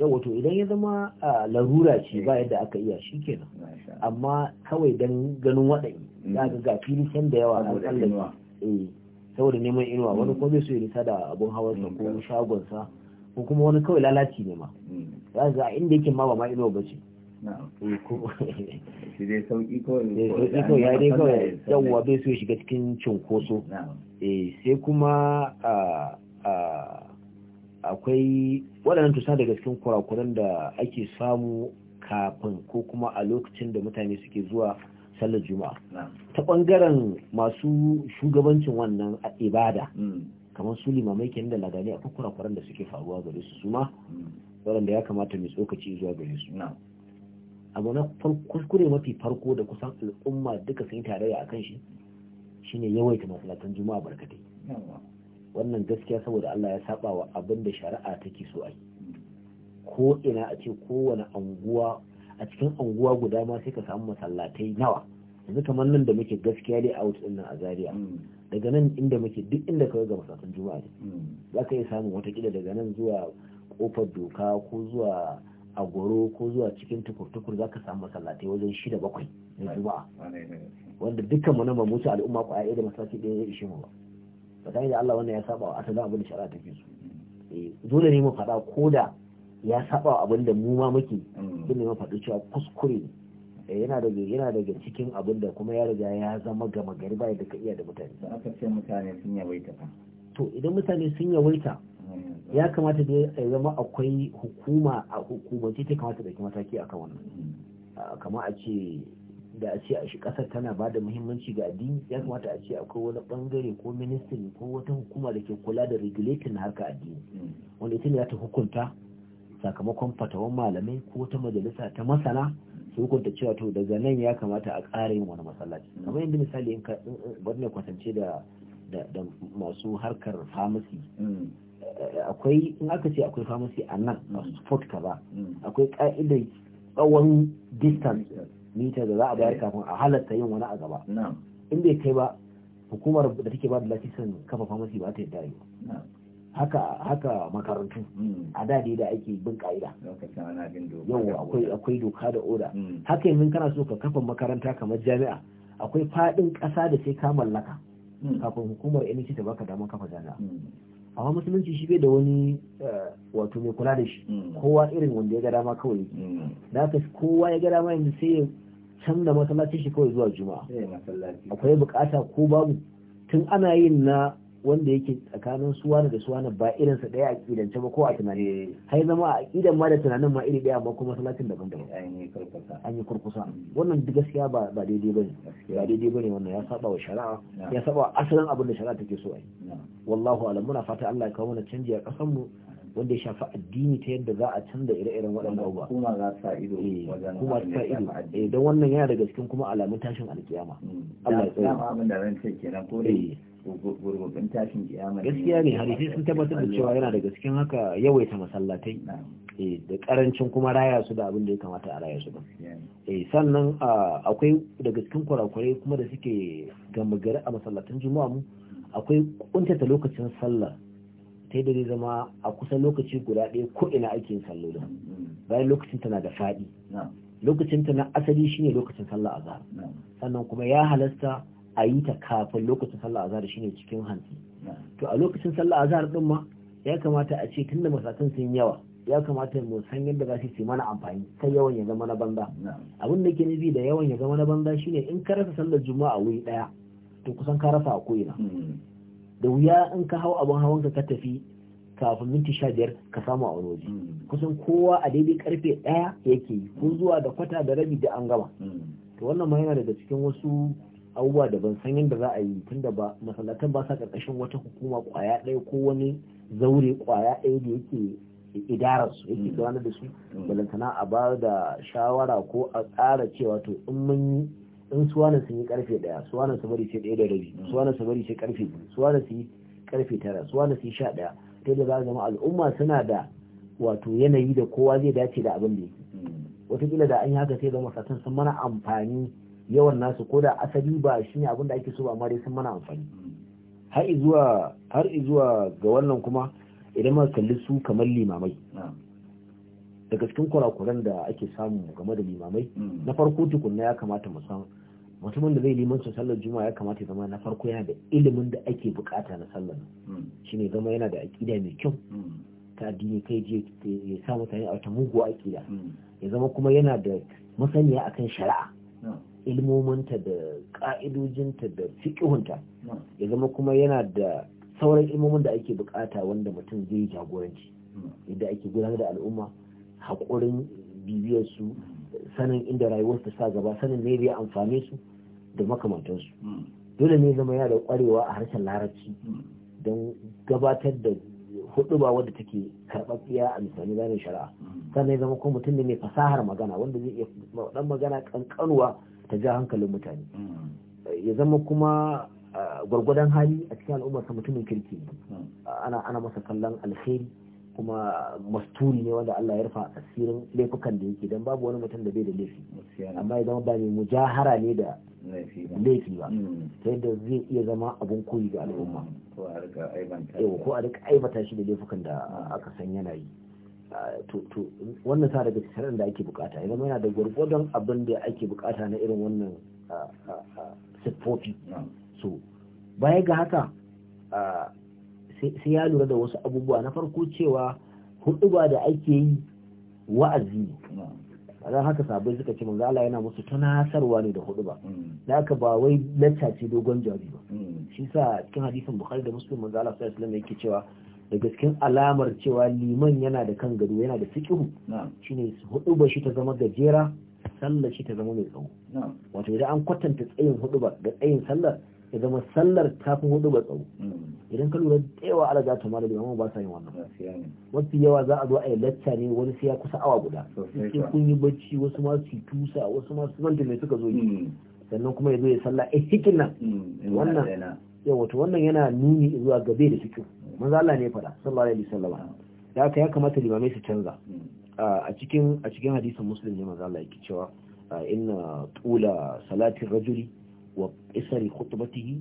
yau to idan ya zama larura ce ba yadda aka iya shi kenan amma kawai don ganin waɗanyi mm. za ga ga fili can da yawa a tsallake eh, saboda neman inuwa wani mm. kuma zai so ya nisa da abun hawansa mm, ko shagonsa ko kuma wani kawai lalaci ne ma za ga inda yake ma ba ma inuwa ba ce eh, shi dai eh, kawai ya kawai yawwa bai so ya shiga cikin cunkoso sai kuma akwai waɗannan tusa daga cikin kurakuran da ake samu kafin ko kuma a lokacin da mutane suke zuwa sallar juma'a ta ɓangaren masu shugabancin wannan ibada mm. kamar su limamai kenan da ladani akwai kurakuran da suke faruwa gare su suma mm. waɗanda ya kamata mai tsokaci zuwa gare su abu na kuskure mafi farko da kusan al'umma duka sun yi tarayya akan shi shine yawaita masalatan juma'a barkatai wannan gaskiya saboda Allah ya saba wa abin da shari'a take so ai ko ina a ce kowane anguwa a cikin anguwa guda ma sai ka samu masallatai nawa yanzu kamar nan da muke gaskiya dai a wutsin nan a Zaria hmm. daga nan inda muke duk inda kawai ga masallatan juma'a ne hmm. za ka iya samun watakila daga nan zuwa kofar doka ko zuwa agoro ko zuwa cikin tukur-tukur za ka samu masallatai wajen shida bakwai na juma'a wanda dukkan mu na mamutu al'umma ko a da masallaci ɗaya ya ishe mu ba ta da Allah wannan ya saba wa asalin abin da shari'a take so eh, dole ne mu faɗa ko da ya saba wa abin da mu ma muke mm. dole ne mu faɗi cewa kuskure eh, yana daga yana daga cikin abin da kuma ya riga ya zama gama gari ba da ka iya da mutane ba aka ce mutane sun yawaita to idan mutane sun yawaita mm. ya kamata da ya zama akwai hukuma a hukumance ta kamata da mataki akan wannan mm. ah, kamar a ce da a ce a shi kasar tana ba da muhimmanci ga addini ya kamata a ce akwai wani bangare ko ministry ko wata hukuma da ke kula da regulating harka addini wanda ita ne za ta hukunta sakamakon fatawan malamai ko wata majalisa ta masana su hukunta cewa to daga nan ya kamata a ƙara yin wani masallaci kamar yadda misali in ka ne kwatance da da masu harkar famasi eh, akwai in aka ce akwai famasi a nan masu sport ka ba mm. akwai ka'idar tsawon distance mita da za a bayar eh. kafin a halatta yin wani a gaba in bai kai ba hukumar da take ba da lasisin kafa famasi ba ta yadda yi haka haka makarantu hmm. a da da ake bin ka'ida yau akwai doka da oda hmm. haka yanzu kana so ka kafa makaranta kamar jami'a akwai fadin kasa da sai ka mallaka hmm. kafin hukumar NC ta baka damar kafa jami'a amma musulunci shi bai da wani eh, wato mai kula da shi mm. kowa irin wanda ya ga dama kawai mm. da haka kowa ya ga dama yanzu sai ya canza masallaci shi kawai zuwa juma'a akwai bukata ko babu tun ana yin na wanda yake tsakanin suwana da suwana ba irin sa daya a kidance ba ko a tunani hai zama a kidan ma da tunanin ma iri daya ba kuma salatin daban daban an yi kurkusa wannan duk gaskiya ba ba daidai ba daidai bane wannan ya saba wa shari'a ya saba asalin abin da shari'a take so ai wallahu alam muna fata Allah ya kawo mana canji a kasan mu wanda ya shafi addini ta yadda za a canza ire-iren waɗanda abubuwa kuma za sa ido eh, wajen kuma sa ido eh, don wannan yana daga cikin kuma alamun tashin alkiyama hmm. Allah ya tsaya abin da ran ce kenan ko ne gurgurbin tashin kiyama gaskiya ne hadisi sun tabbatar da cewa yana daga cikin haka yawaita masallatai da karancin kuma raya su da abin da ya kamata a raya su ba sannan akwai daga cikin kurakurai kuma da suke gama gari a masallatan juma'a mu akwai kuntata lokacin sallah ta da zai zama a kusan lokaci guda ɗaya ko ina ake yin bayan lokacin tana da faɗi lokacin ta na asali shine lokacin sallah azhar sannan kuma ya halasta a yi ta kafin lokacin sallah azhar shine cikin hantsi to a lokacin sallah azhar din ma ya kamata a ce tunda masatan sun yawa ya kamata mu san yadda za su yi mana amfani sai yawan ya zama na banza abin da ke nufi da yawan ya zama na banza shine in ka rasa sallar juma'a wuri daya to kusan ka rasa a ko'ina hmm. da wuya in ka hau abin hawan ka tafi kafin minti sha biyar ka samu a waje hmm. kusan kowa a daidai karfe ɗaya yake yi ko zuwa da kwata da rabi da an gama hmm. to wannan ma yana daga cikin wasu abubuwa da ban san yadda za a yi tunda ba masallatan ba sa karkashin wata hukuma kwaya ɗaya ko wani zaure kwaya ɗaya da yake idarar su yake hmm. gudanar da su balantana a ba da shawara ko a tsara cewa to in mun in suwana sun yi karfe daya suwana su bari sai daya da rabi suwana su bari sai karfe biyu suwana su yi karfe tara suwana su yi sha daya ta da za a zama al'umma suna da wato yanayi da kowa zai dace da abin da yake watakila da an yi haka sai zama satan sun mana amfani yawan nasu ko da asali ba shi ne abin da ake so ba amma dai sun mana amfani har zuwa har zuwa ga wannan kuma idan ma kalli su kamar limamai daga cikin kurakuran da ake samu game da limamai hmm. na farko tukunna ya kamata mu san mutumin da zai limanci sallar juma'a ya kamata ya zama na farko yana da ilimin da ake bukata na sallar hmm. shine zama yana da aƙida mai kyau hmm. ta addini kai je ya sa mutane a wata muguwa aƙida hmm. ya zama kuma yana da masaniya akan shari'a ilmomanta da ka'idojinta da fiƙihunta ya zama kuma yana da sauran ilmomin da ake bukata wanda mutum zai jagoranci yadda ake gudanar da al'umma haƙurin bibiyar su sanin inda rayuwar ta sa gaba sanin me zai amfane su da makamantansu hmm. dole ne zama yana da kwarewa a harshen larabci hmm. don gabatar da huduba wadda take karɓaɓɓiya a misali zanen shari'a hmm. sannan zama kuma mutum ne mai fasahar magana wanda zai iya dan magana kankanuwa ta ja hankalin mutane ya zama kuma gwargwadon hali a cikin al'ummar sa mutumin kirki ana ana masa kallon alheri kuma masturi ne wanda Allah ya rufa asirin laifukan da yake dan babu wani mutum da bai da laifi amma ya zama ba mai mujahara ne da laifi ba mm. ta yadda zai iya zama abin koyi ga al'umma mm. ko a rika aibata shi da laifukan da aka san yana yi wannan sa daga cikin da ake bukata ya zama yana da gwargwadon abin da ake bukata na irin wannan siffofi mm. so baya ga haka sai ya lura da wasu abubuwa na farko cewa hudu ba da ake yi wa'azi don haka sabai suka ce manzo yana musu tunasarwa ne da hudu ba mm. da aka ba wai lacca ce dogon jari ba mm. shi sa cikin hadisin Bukhari da Muslim manzo Allah sallallahu alaihi yake cewa da gaskin alamar cewa liman yana da kan gado yana da fiqhu shine hudu ba shi ta zama gajera sallar shi ta zama mai tsawo wato idan an kwatanta tsayin hudu ba da tsayin sallar ya zama sallar ta fi hudu ga tsawo mm. idan ka lura da yawa ala za ta mara da ba sa yin wannan wasu yawa za a zo a yi lacca ne wani sai ya kusa awa guda sai kun yi bacci wasu ma su tusa wasu ma su mai suka zo yi mm. sannan kuma ya zo ya sallah a cikin nan mm. wannan wato wannan yana nuni zuwa gabe da cikin manzo Allah ne fada sallallahu alaihi wasallam ya ah. ka ya kamata limamai su canza a cikin a cikin hadisin muslim ne manzo Allah cewa inna tula salatin rajuli وإسر خطبته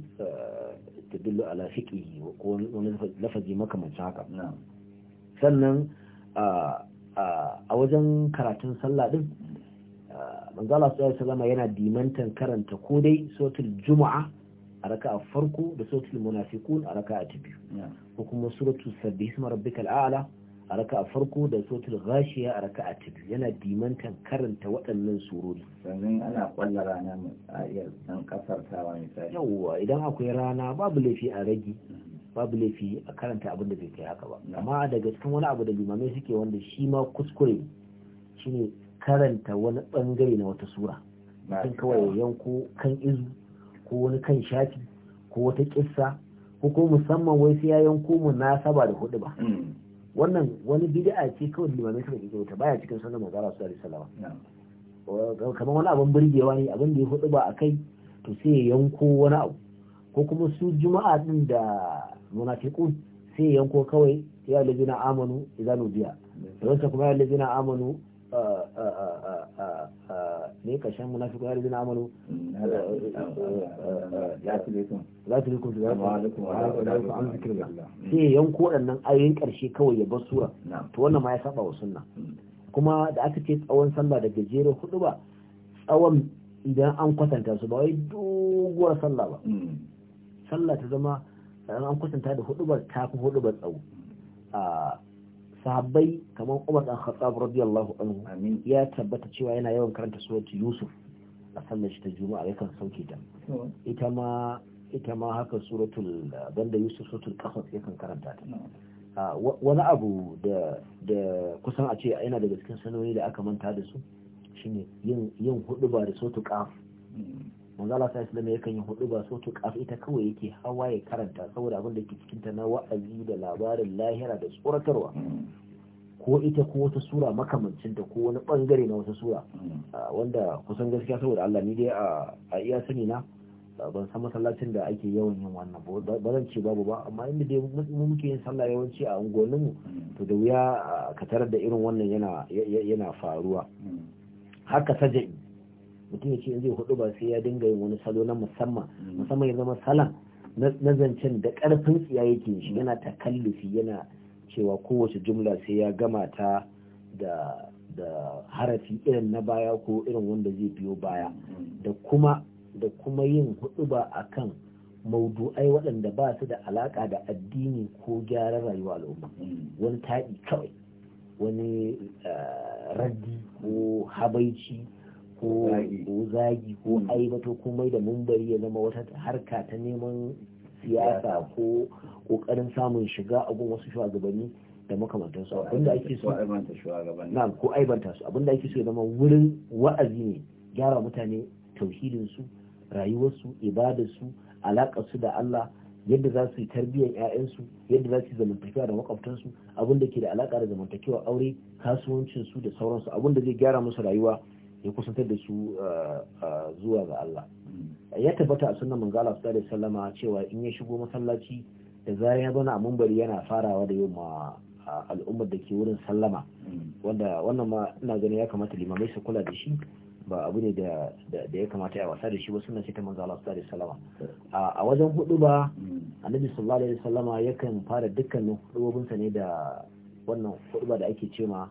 تدل على فقهه ولفظ مكمن haka sannan a wajen karatun sallah din manzala sallallahu yana dimantan karanta ko dai suratul juma'a a raka'a farko da suratul munafiqun a raka'a ta biyu ko kuma suratul sabbihisma rabbikal a'la a raka a farko da sotul gashiya a raka a tudu yana dimantan karanta waɗannan surori sannan ana ƙwallar rana a iya ɗan kasartawa misali yawwa idan akwai rana babu laifi a ragi mm-hmm. babu laifi a karanta abin da bai kai haka ba mm-hmm. amma daga cikin wani abu da limamai suke wanda shi ma kuskure shine karanta wani ɓangare na wata sura mutum kawai yanko kan izu ko wani kan shafi ko wata kissa ko musamman wai sai ya yanko mu na saba da hudu ba mm. wannan wani bid'a ce kawai limamai suka kike ta baya cikin sunan manzo su sallallahu alaihi kamar wani abin birgewa ne abin da ya hudu ba a kai to sai ya yanko wani abu ko kuma su juma'a din da munafiqun sai ya yanko kawai ya allazina amanu idza nudiya da wancan kuma ya allazina amanu uh, uh, uh, ne ƙarshen munafiku ya rizina amalu rikun zafi an zikirin sai ya yanko waɗannan ayoyin ƙarshe kawai ya bar sura to wannan ma ya saba wa sunna hmm. kuma da aka ce tsawon sallah da gajeren hudu ba tsawon idan an kwatanta su ba wai doguwar sallah ba hmm. sallah ta zama an kwatanta da hudu ba ta fi hudu ba tsawo ah, sahabbai kamar Umar dan Khattab radiyallahu anhu ya tabbata cewa yana yawan karanta suratu Yusuf a sallar shi ta Juma'a yakan sauke ta ita ma ita ma haka suratul banda Yusuf suratul Qasas yakan karanta ta wani abu da kusan a ce yana daga cikin sanoni da aka manta da su shine yin yin hudu ba da suratul Qaf hmm. manzo Allah sai sallama yakan yi hudu ba so to kafa ita kawai yake hawa ya karanta saboda abin da ke cikin ta na wa'azi da labarin lahira da tsoratarwa mm. ko ita ko wata sura makamancin ta ko wani bangare na wata sura mm. ah, wanda kusan gaskiya saboda Allah ni dai a iya sani na ah, ban san masallacin da ake yawan yin wannan ba zan ce babu ba amma inda dai mu muke yin sallah yawanci a unguwanninmu mm. to da wuya ah, ka tarar da irin wannan yana faruwa haka saja'i mutum ya ce zai hudu ba sai ya dinga yin wani salo na musamman mm. musamman ya zama salan na zancen da karfin tsiya yake shi yana takallufi yana cewa kowace jumla sai ya gama ta da harafi irin na baya ko irin wanda zai biyo baya mm. da kuma yin hudu ba akan maudu'ai waɗanda ba su da alaka da addini ko gyaran rayuwa al'umma mm. wani taɗi kawai wani eh, raddi ko habaici ko zagi ko hmm. aibato komai da mumbari ya zama wata harka ta neman siyasa ko kokarin samun shiga a gun wasu shugabanni da makamantan abinda ake so na ko aibanta su abinda ake so ya zama wurin wa'azi ne gyara mutane tauhidin su rayuwar su ibadar su da Allah yadda za su yi tarbiyyar 'ya'yansu yadda za su yi zamantakewa da makwabtansu abin ke da alaƙa da zamantakewa aure kasuwancin su da sauransu abin zai gyara musu rayuwa ya kusantar da su zuwa ga Allah ya tabbata a sunan manzo Allah sallallahu alaihi wasallama cewa in ya shigo masallaci da zarar ya zauna a mumbari yana farawa da yamma al'ummar da ke wurin sallama wanda wannan ma ina ganin ya kamata limamai su kula da shi ba abu ne da ya kamata ya wasa da shi wasu na ce ta manzo Allah sallallahu alaihi a wajen hudu ba annabi sallallahu alaihi wasallama yakan fara dukkanin hudubinsa ne da wannan hudu da ake cewa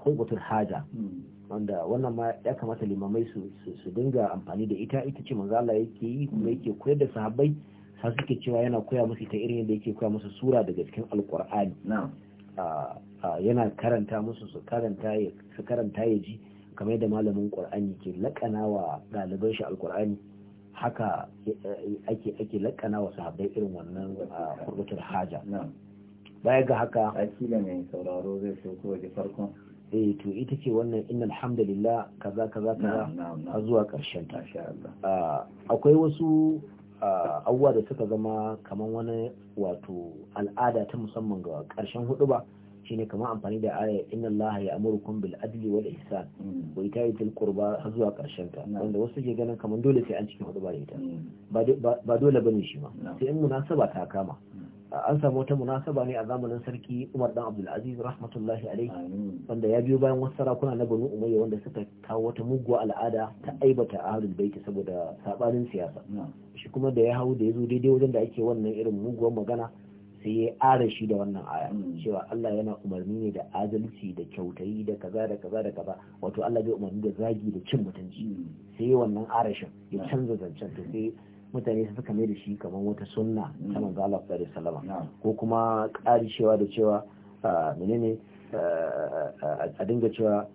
hulbatul haja wanda wannan ma ya kamata limamai su su dinga amfani da ita ita ce manzo Allah yake yi kuma yake koyar da sahabbai sa suke cewa yana koya musu ta irin yadda yake koya musu sura daga cikin alkur'ani yana karanta musu su karanta ya su karanta ya ji kamar yadda malamin qur'ani ke laƙanawa wa ɗaliban shi alkur'ani haka e, e, ake ake wa sahabbai irin wannan kurbatul haja baya ga haka akila ne sauraro zai so ko farkon eh to ita ce wannan innal hamdalillah kaza kaza kaza har zuwa karshen ta ah, akwai wasu ah, abubuwa da suka zama kaman wani wato al'ada ta musamman ga karshen hudu ba shine kamar amfani da aya inna allaha ya'murukum bil adli wal ihsan mm. wa ita'i til qurba har zuwa karshen ta wanda wasu ke ganin kamar dole sai an cikin hudu ba da ita mm. ba dole bane shi ma sai in munasaba ta kama mm. an samu wata munasaba ne a zamanin sarki Umar dan Abdul Aziz rahmatullahi alaihi wanda ya biyo bayan wasu sarakuna na Banu Umayya wanda suka kawo wata muguwa al'ada ta aibata ahlul baiti saboda sabanin siyasa shi kuma da ya hau da yazo daidai wajen da ake wannan irin muguwar magana sai ya ara shi da wannan aya mm. cewa Allah yana umarni ne da adalci da kyautayi da kaza da kaza da kaza wato Allah bai umarni da zagi da cin mutunci mm. sai wannan arashin ya canza zancen to sai mutane su suka mai da shi kamar wata sunna ta manzo Allah sallallahu alaihi ko kuma ƙari cewa da cewa menene a dinga cewa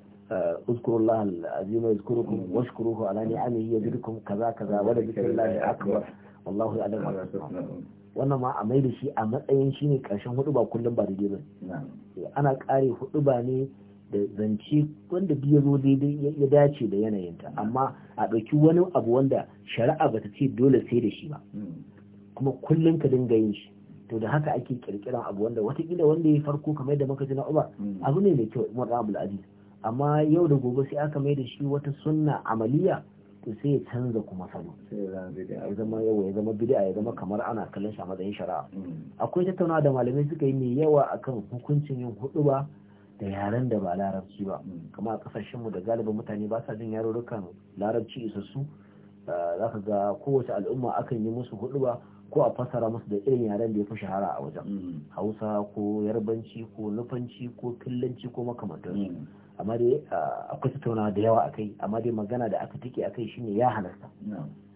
uzkurullah al yuzkurukum mm. washkuruhu ala ni'amihi mm. yazidukum kaza kaza wa la billahi mm. akbar wallahu ya'lamu wannan ma a mai da shi a matsayin shine karshen hudu ba kullum ba daidai ba ana ƙare hudu ba ne da zance wanda biya zo daidai ya dace da yanayinta amma a ɗauki wani abu wanda shari'a bata ce dole sai da shi ba kuma kullum ka dinga yin shi to da haka ake kirkiran abu wanda watakila wanda ya farko kamar yadda muka ji na Umar abu ne mai kyau Umar Abdul Aziz amma yau da gobe sai aka mai da shi wata sunna amaliya to sai ya canza kuma salo ya zama yawa ya zama bid'a ya zama kamar ana kallon shi a matsayin shari'a mm. akwai tattaunawa da malamai suka yi mai yawa akan hukuncin yin huɗuba da yaren da ba larabci ba kuma a kasashenmu da galibin mutane ba sa jin yarurrukan larabci isassu eh, za ka ga kowace al'umma akan yi musu hudu ba ko a fassara musu da irin yaren da ya fi shahara a wajen mm. hausa ko yarbanci ko nufanci ko killanci ko su mm. amma dai eh, akwai tattaunawa da yawa akai amma dai magana da aka tike akai shine ya halasta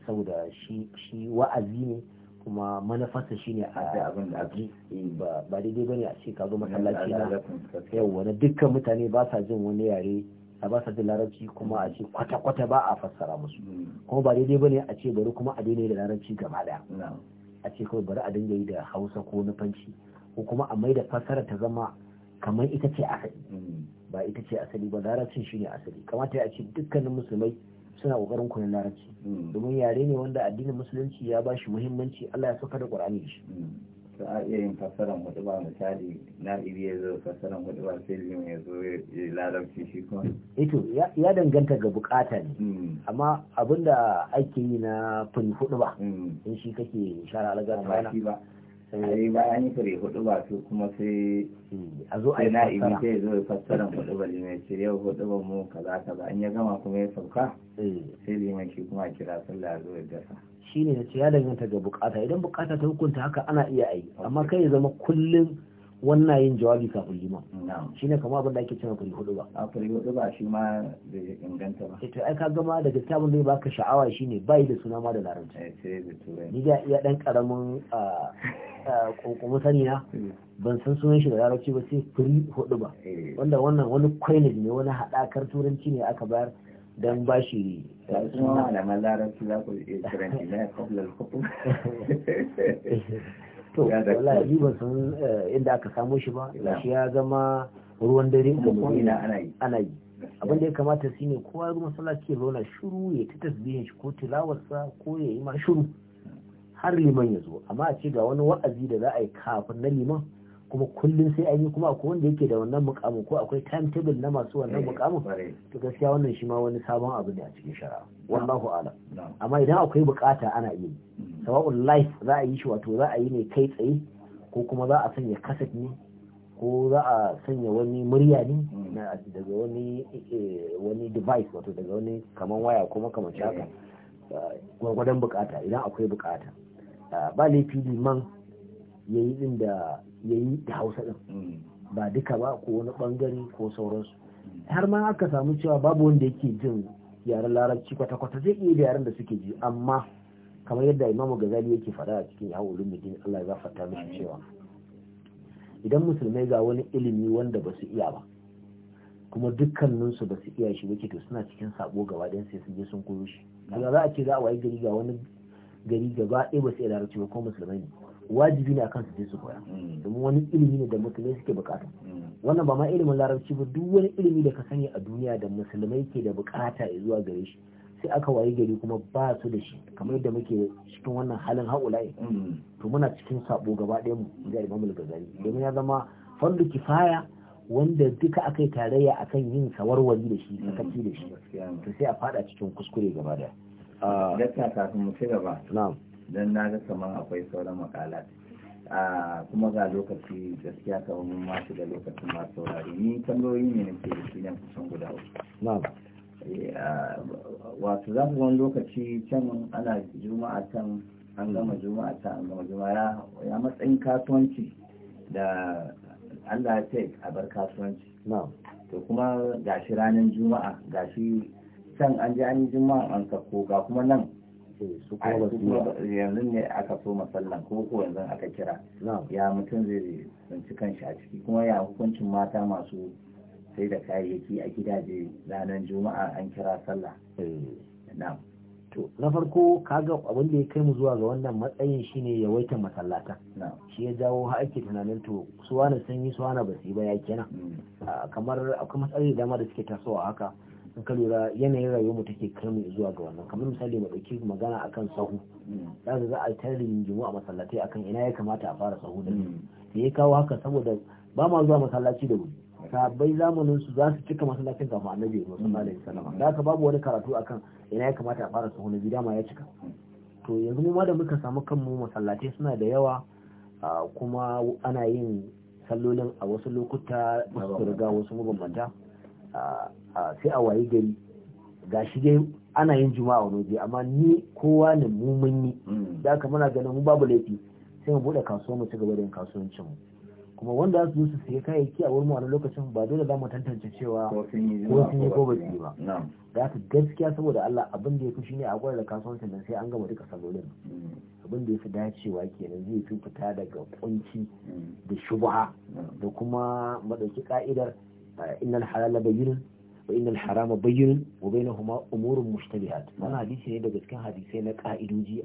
saboda shi wa'azi ne kuma manufarsa shine a abin eh, ba ba daidai bane a ce ka zo masallaci na yau wani dukkan mutane ba sa jin wani yare a ba sa jin larabci kuma a ce kwata-kwata ba a fassara musu mm. kuma ba daidai bane a ce bari kuma a daina da larabci gaba daya a ce kawai bari a dinga yi da hausa ko nufanci ko kuma a mai da fassara ta zama kamar ita ce asali mm. ba ita ce asali ba larabcin shine asali kamata ya ce dukkanin musulmai suna kokarin koyon larabci mm. domin yare ne wanda addinin musulunci ya ba shi muhimmanci Allah ya saka da Qur'ani shi za mm. a iya yin fassara hudu ba misali na iri ya zo fassaran hudu ba sai lim ya zo larabci shi kuma ito eh ya danganta ga bukata ne mm. amma abinda ake yi na fin hudu ba in shi kake shara alagar bayana sai bayan yi fari hudu ba su kuma sai hmm, a zo a yi sai ya zo ya fassara hudu ba yau hudu ba mu kaza kaza an ya gama kuma ya sauka eh. sai liman shi kuma kira sallah ya zo ya dasa shine ya ce ya danganta ga bukata idan bukata ta hukunta haka ana iya yi amma kai ya zama kullum wannan yin jawabi kafin liman shi ne kama abin da ake cewa fari hudu ba a fari hudu ba shi ma da inganta ba ita eh ai ka gama da littafin da ya baka sha'awa shine bai da suna ma da larabci eh, ni da iya dan karamin kokomo sani na hmm. ban san sunan shi da larabci ba sai kuri hudu ba eh. wanda wannan wani coinage ne wani hadakar turanci ne aka bayar dan ba shi suna malaman larabci za ku iya turanci shi na koflar kofin to ban san eh, inda aka samo shi ba shi ya zama ruwan dare ko kuma ana yi ana yi abin da ya kamata shi ne kowa ya masallaci ya zauna shiru ya ta tasbihin shi ko tilawarsa ko ya yi ma shiru har liman ya zo amma a ce ga wani wa'azi da za a yi kafin na liman kuma kullum sai an yi kuma akwai wanda yake da wannan mukamin ko akwai timetable na masu wannan eh, mukamin to gaskiya wannan shi ma wani sabon abu ne a cikin shari'a wallahu alam amma idan akwai bukata ana yi mm. sawa'un life za a yi shi wato za a yi ne kai tsaye ko kuma za a sanya kaset ne ko za a sanya wani murya ne mm. daga wani eh, wani device wato daga wani kaman waya ko makamanci haka eh. gwargwadon bukata idan akwai bukata ah, ba laifi liman ya yi din da ya yi da hausa din mm. ba duka ba ko wani bangare ko sauransu har ma aka samu cewa babu wanda yake jin yaren larabci kwata-kwata zai iya da yaren da suke ji amma kamar yadda imamu gazali yake faɗa a cikin yawon ulumuddin allah ya zafata mishi cewa idan musulmai ga wani ilimi wanda ba su iya ba kuma dukkaninsu ba su iya shi wake to suna cikin sabo gaba ɗayan sai sun je sun koyo shi daga za a ce za a wayi gari ga wani gari gaba ɗaya ba su iya larabci ba ko musulmai ne wajibi ne akan su je su koya mm. domin wani ilimi ne da musulmai suke bukata mm. wannan ba ma ilimin larabci ba duk wani ilimi da ka sani a duniya da musulmai ke da bukata ya zuwa gare shi sai aka wayi gari kuma ba su da shi kamar yadda muke cikin wannan halin haƙulaye mm. to muna cikin sabo gaba ɗaya mu da imamul gazali domin ya zama fardu kifaya wanda duka aka yi tarayya akan yin sawarwari da shi sakaci da shi to sai a fada cikin kuskure gaba da. Gaskiya kafin mu ci gaba. don na ga kamar akwai sauran a kuma ga lokaci gaskiya kamar mun masu da lokacin masu saurari ni kalloyi ne nake da shi nan kusan guda uku eh, wato za ku wani lokaci can ana juma'a can an gama hmm. juma'a can an gama juma'a ya matsayin kasuwanci da Allah ya ce a bar kasuwanci to kuma gashi ranar juma'a gashi can an ji an yi juma'a an sako ga kuma nan su yanzu ne aka so masallan ko ko yanzu aka kira ya mutum zai tsinci kanshi a ciki kuma ya hukuncin mata masu sai da kayayyaki a gidaje ranar juma'a an kira sallah eh. to na farko kaga abin da ya kai mu zuwa ga wannan matsayin shine yawaitar masallata shi ya jawo har tunanin to su wani sanyi yi su wani ba ba ya kenan mm. ah, kamar akwai matsaloli da dama da suke tasowa haka in ka lura yanayin rayuwar mu take kai mu zuwa ga wannan kamar misali mu dauki magana akan sahu za ka za a tarin jimu a masallatai akan ina ya kamata a fara sahu da me ya kawo haka saboda ba ma zuwa masallaci da wuri sabai zamanin su za su cika masallacin kafin annabi sallallahu alaihi wasallam da ka babu wani karatu akan ina ya kamata a fara sahu na gida dama ya cika to yanzu mu ma da muka samu kanmu masallatai suna da yawa kuma ana yin sallolin a wasu lokuta wasu riga wasu mabambanta sai a wayi gari ga shi dai ana yin juma'a wani waje amma ni kowa ne mu mun yi mm. da ka muna ganin mu babu laifi sai mu bude kasuwa mu ci gaba da yin kasuwancin mu kuma wanda za su zo su sayi kayayyaki a wurin wani lokacin ba dole za mu tantance cewa ko sun yi ko ba su yi ba da ka gaskiya saboda Allah abin da ya fi shine a gwada kasuwancin nan sai an gama duka sabolin mm. abin da ya fi dacewa kenan zai fi fita daga kunci mm. da shubha da kuma madauki ka'idar innal halala bayyinun wa innal harama bayyinun wa bainahuma umurun mushtabihat wannan hadisi ne daga cikin hadisai na ka'idoji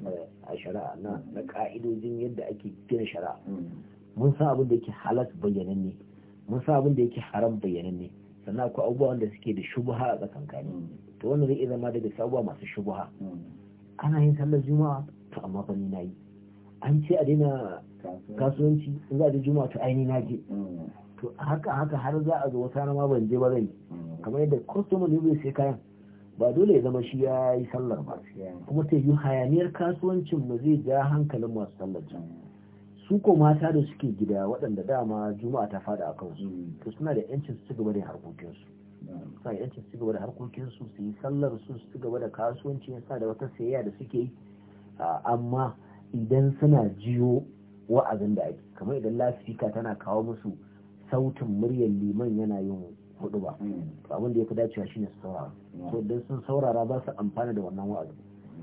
a shari'a na na ka'idojin yadda ake gina shari'a mun san abin da yake halas bayyananne mun san abin da yake haram bayyananne sannan akwai abubuwa da suke da shubha a tsakankani to wannan zai iya zama daga abubuwa masu shubha ana yin sallar juma'a to amma fa ni nayi an ce a daina kasuwanci in za a juma'a to ni na je to haka haka har za a zo wata rama ma ban je ba yi. Mm. kamar yadda customer ne zai sai kayan ba dole ya zama shi ya yi sallar ba kuma ta yi hayaniyar kasuwancin mu zai ja hankalin masu sallar mm. su ko mata da suke gida waɗanda dama juma'a ta fada a kansu mm. to suna da yancin su gaba da harkokinsu suna da yancin su gaba da harkokinsu su yi sallar su su gaba da kasuwanci yasa da wata sayayya da suke yi amma idan suna jiyo wa'azin da ake kamar idan lafika tana kawo musu sautin muryar liman yana yin hudu ba mm. abin da ya fi dacewa shine su saurara mm. so don sun saurara ba su amfana da wannan wa'azi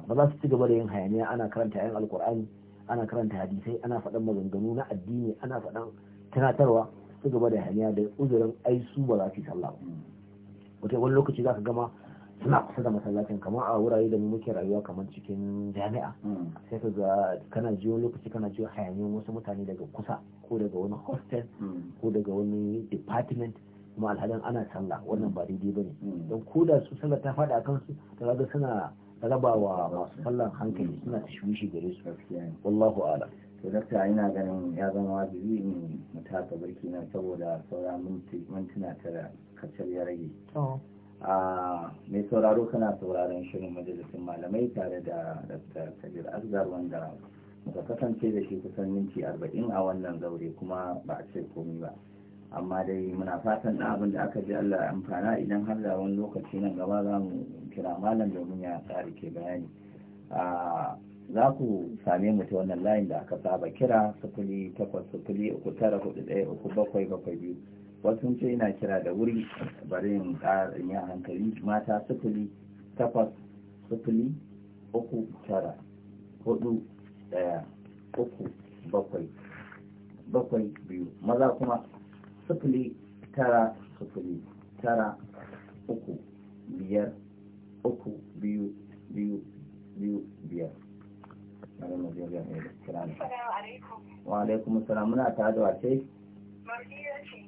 ba za su ci gaba da yin hayaniya ana karanta yan alkur'ani ana karanta hadisai ana faɗan maganganu na addini ana faɗan tunatarwa su gaba da hayaniya da uzurin ai su ba za su yi sallah ba mm. wata wani lokaci za ka gama suna kusa da masallacin kamar a wurare da muke rayuwa kamar cikin jami'a sai ka ga kana jiyo lokaci kana jiyo hayaniyar wasu mutane daga kusa ko daga wani hostel ko daga wani department kuma alhalin ana sallah wannan ba daidai ne don ko da su sallah ta faɗi a kansu ta ga suna rabawa masu sallan hankali suna tashwishi gare su wallahu a'lam to dakta ina ganin ya zama wajibi in mutaka saboda sauran mintuna tara kacal ya rage a mai sauraro kana sauraron shirin majalisun malamai tare da dr kabir asgar wanda muka kasance da shi kusan minti arba'in a wannan zaure kuma ba a ce komi ba amma dai muna fatan da abin da aka ji allah amfana idan har da wani lokaci nan gaba za mu kira malam domin ya tsari ke bayani za ku same mu ta wannan layin da aka saba kira sufuri takwas sufuri uku tara hudu ɗaya uku bakwai bakwai biyu wasu ce yana kira da wuri bari yin ƙarin yin hankali mata sufuli takwas sufuli uku tara hudu daya uku bakwai bakwai biyu maza kuma sufuli tara sufuli tara uku biyar uku biyu biyu biyu biyar wa alaikum salam muna ta da wace? Mardiya ce.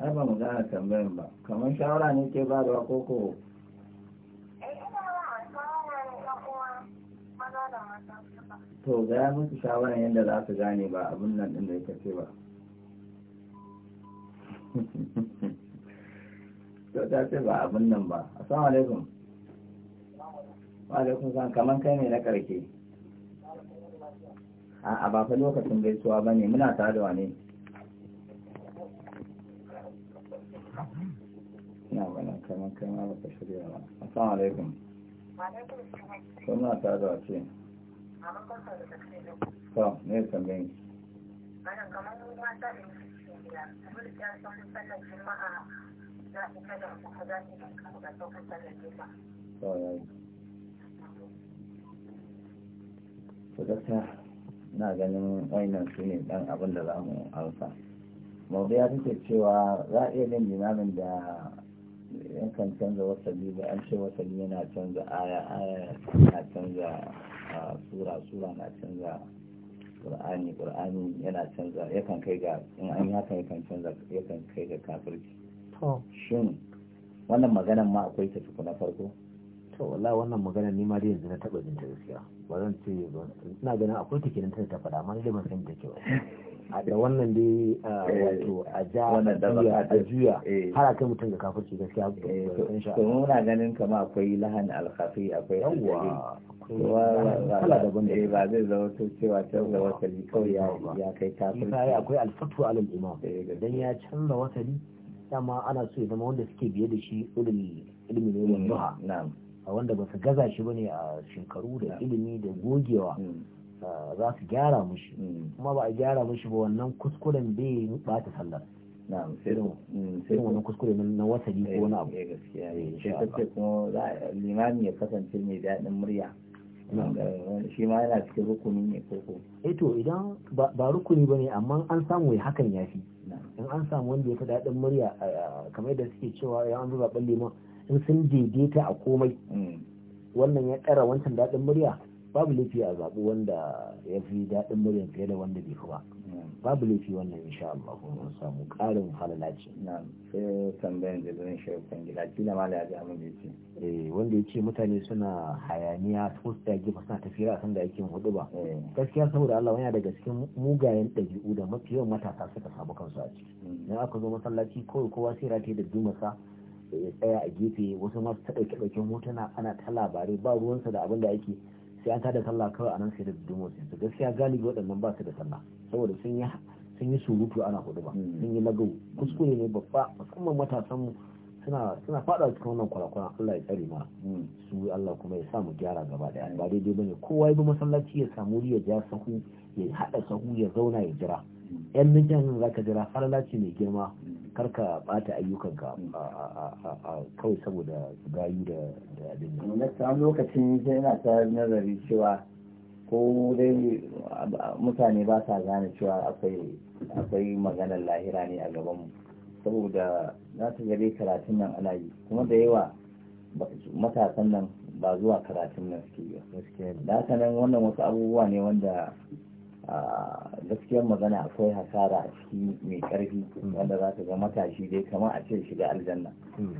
ai ba mu gane tambayin ba kamar shawara ne ke eh, ba da koko to ga ya mutu shawarar yadda za su gane ba abin nan ɗin da ya kace ba to ta ce ba abin nan ba asalamu alaikum wa alaikum salam kamar kai ne na karke a ba fa lokacin gaisuwa ba ne muna tare da na shirya ba assalamu alaikum ko muna tare to ne tambayin kamar mata gida sallar juma'a za ku za kan sallar na ganin wainan su ne dan abin da za mu alfa mawdu ya take cewa za a iya bin limamin da yankan canza wasali ba an ce wasali yana canza aya aya na canza sura sura na canza qur'ani ƙur'ani yana canza yakan kai ga in an yi haka yakan canza yakan kai ga kafirci shin wannan maganan ma akwai ta tuku na farko to wallahi wannan magana ni ma dai yanzu na taba jin ta gaskiya ba zan ce ba ina ganin akwai take nan ta faɗa amma dai ban san take ba a da wannan dai eh, wato a ja a juya eh. har a kai mutum ga kafirci gaskiya eh, to muna ganin kama akwai lahani alkhafi akwai yawwa kala daban da ba zai zama to cewa canza wasali kawai ya kai kafirci akwai alfatu alal imam dan ya canza wasali dama ana so ya zama wanda suke biye da shi ilimi ne wanda mm, na'am a wanda ba su gaza shi bane a shekaru da ilimi da gogewa mm. za su gyara mushi mm. kuma ba a gyara mushi ba wannan kuskuren bai bata sallar sai mm, wannan kuskure na wasali ko eh, wani abu eh, eh, sai kuma limami ya kasance mai daɗin murya shi ma yana cikin rukuni ne koko eh to idan ba rukuni bane amma an samu ya hakan ya fi. in an samu wanda ya fi daɗin murya kamar yadda suke cewa ya an zuba ɓalle ma. in sun daidaita a komai hmm. wannan ya ƙara wancan daɗin murya babu laifi a zaɓi wanda ya fi daɗin murya fiye da wanda bai fi ba hmm. babu laifi wannan insha Allah mun samu ƙarin halalaci na sai tambayan jirgin shirkan gida kila ma ya ji abin yake eh wanda yake mutane suna hayaniya ko su dage ba suna tafiya a san da ake hudu ba eh. gaskiya saboda Allah wani daga cikin mugayen ɗabi'u da mafi yawan matasa suka samu kansu a ciki hmm. idan aka zo masallaci kawai kowa sai rataye da dumasa da ya tsaya a gefe wasu masu ta ɗauke ɗauke hotuna ana ta labarai ba ruwansa da abin da ake sai an tada sallah kawai anan nan sai da dumo su gaskiya galibi waɗannan ba su da sallah saboda sun yi sun yi surutu ana hudu ba hmm. sun yi lagau kuskure ne babba musamman matasan mu suna suna faɗa cikin wannan kwalakwala Allah ya tsare mana hmm. su Allah kuma ya sa mu gyara gaba daya hmm. ba daidai bane kowa ya bi masallaci ya samu ya ja sahu ya hada sahu ya zauna ya jira yan za zaka jira farlaci mai girma karka bata ayyukanka a kawai saboda gayu da abin da na samu lokacin sai ina ta nazari cewa ko dai mutane ba sa gane cewa akwai maganar lahira ne a gabanmu saboda za ta gare karatun nan ana yi kuma da yawa matasan nan ba zuwa karatun nan suke yi da nan wannan wasu abubuwa ne wanda gaskiyar magana akwai hasara a ciki mai karfi wanda za ka ga matashi dai kamar a ce shiga aljanna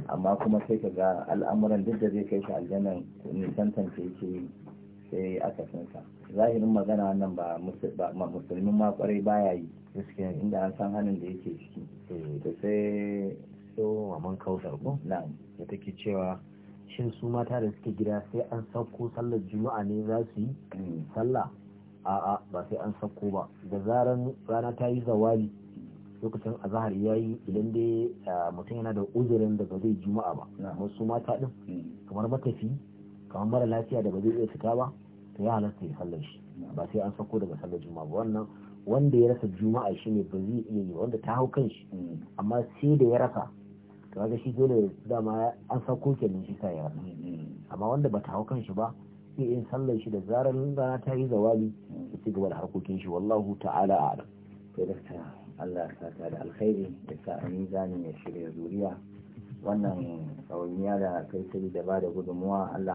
amma kuma sai ka ga al'amuran duk da zai kai shi aljannan nisantance yake yi sai aka sansa zahirin magana wannan ba musulmin ma baya yi inda an san hannun da yake ciki eh. to sai so maman kausar ko na'am da take cewa shin su mata da suke gida sai an sauko sallar juma'a ne za su yi mm. sallah a'a ba sai an sauko ba da zaran rana ta yi zawali lokacin azahar ya yi idan dai mutum yana da uzurin da zai juma'a ba wasu mata din mm. kamar matafi kamar mara lafiya da ba zai iya fita ba Ta yi halatta ya sallar shi ba sai an sauko daga sallar juma'a ba wannan wanda ya rasa juma'a shi ne ba zai iya yi wanda ta hau kan shi mm. amma sai da ya rasa kaga shi dole dama an sako kenan shi sa ya rasa mm, amma wanda ba ta hau kan shi ba sai in sallar shi da zarar rana ta yi zawali ya ci gaba da harkokin shi wallahu ta'ala a'lam to dakta Allah ya da alkhairi da sa zani mizani ya shirya zuriya wannan kawai da kai sabi da ba da gudunmuwa Allah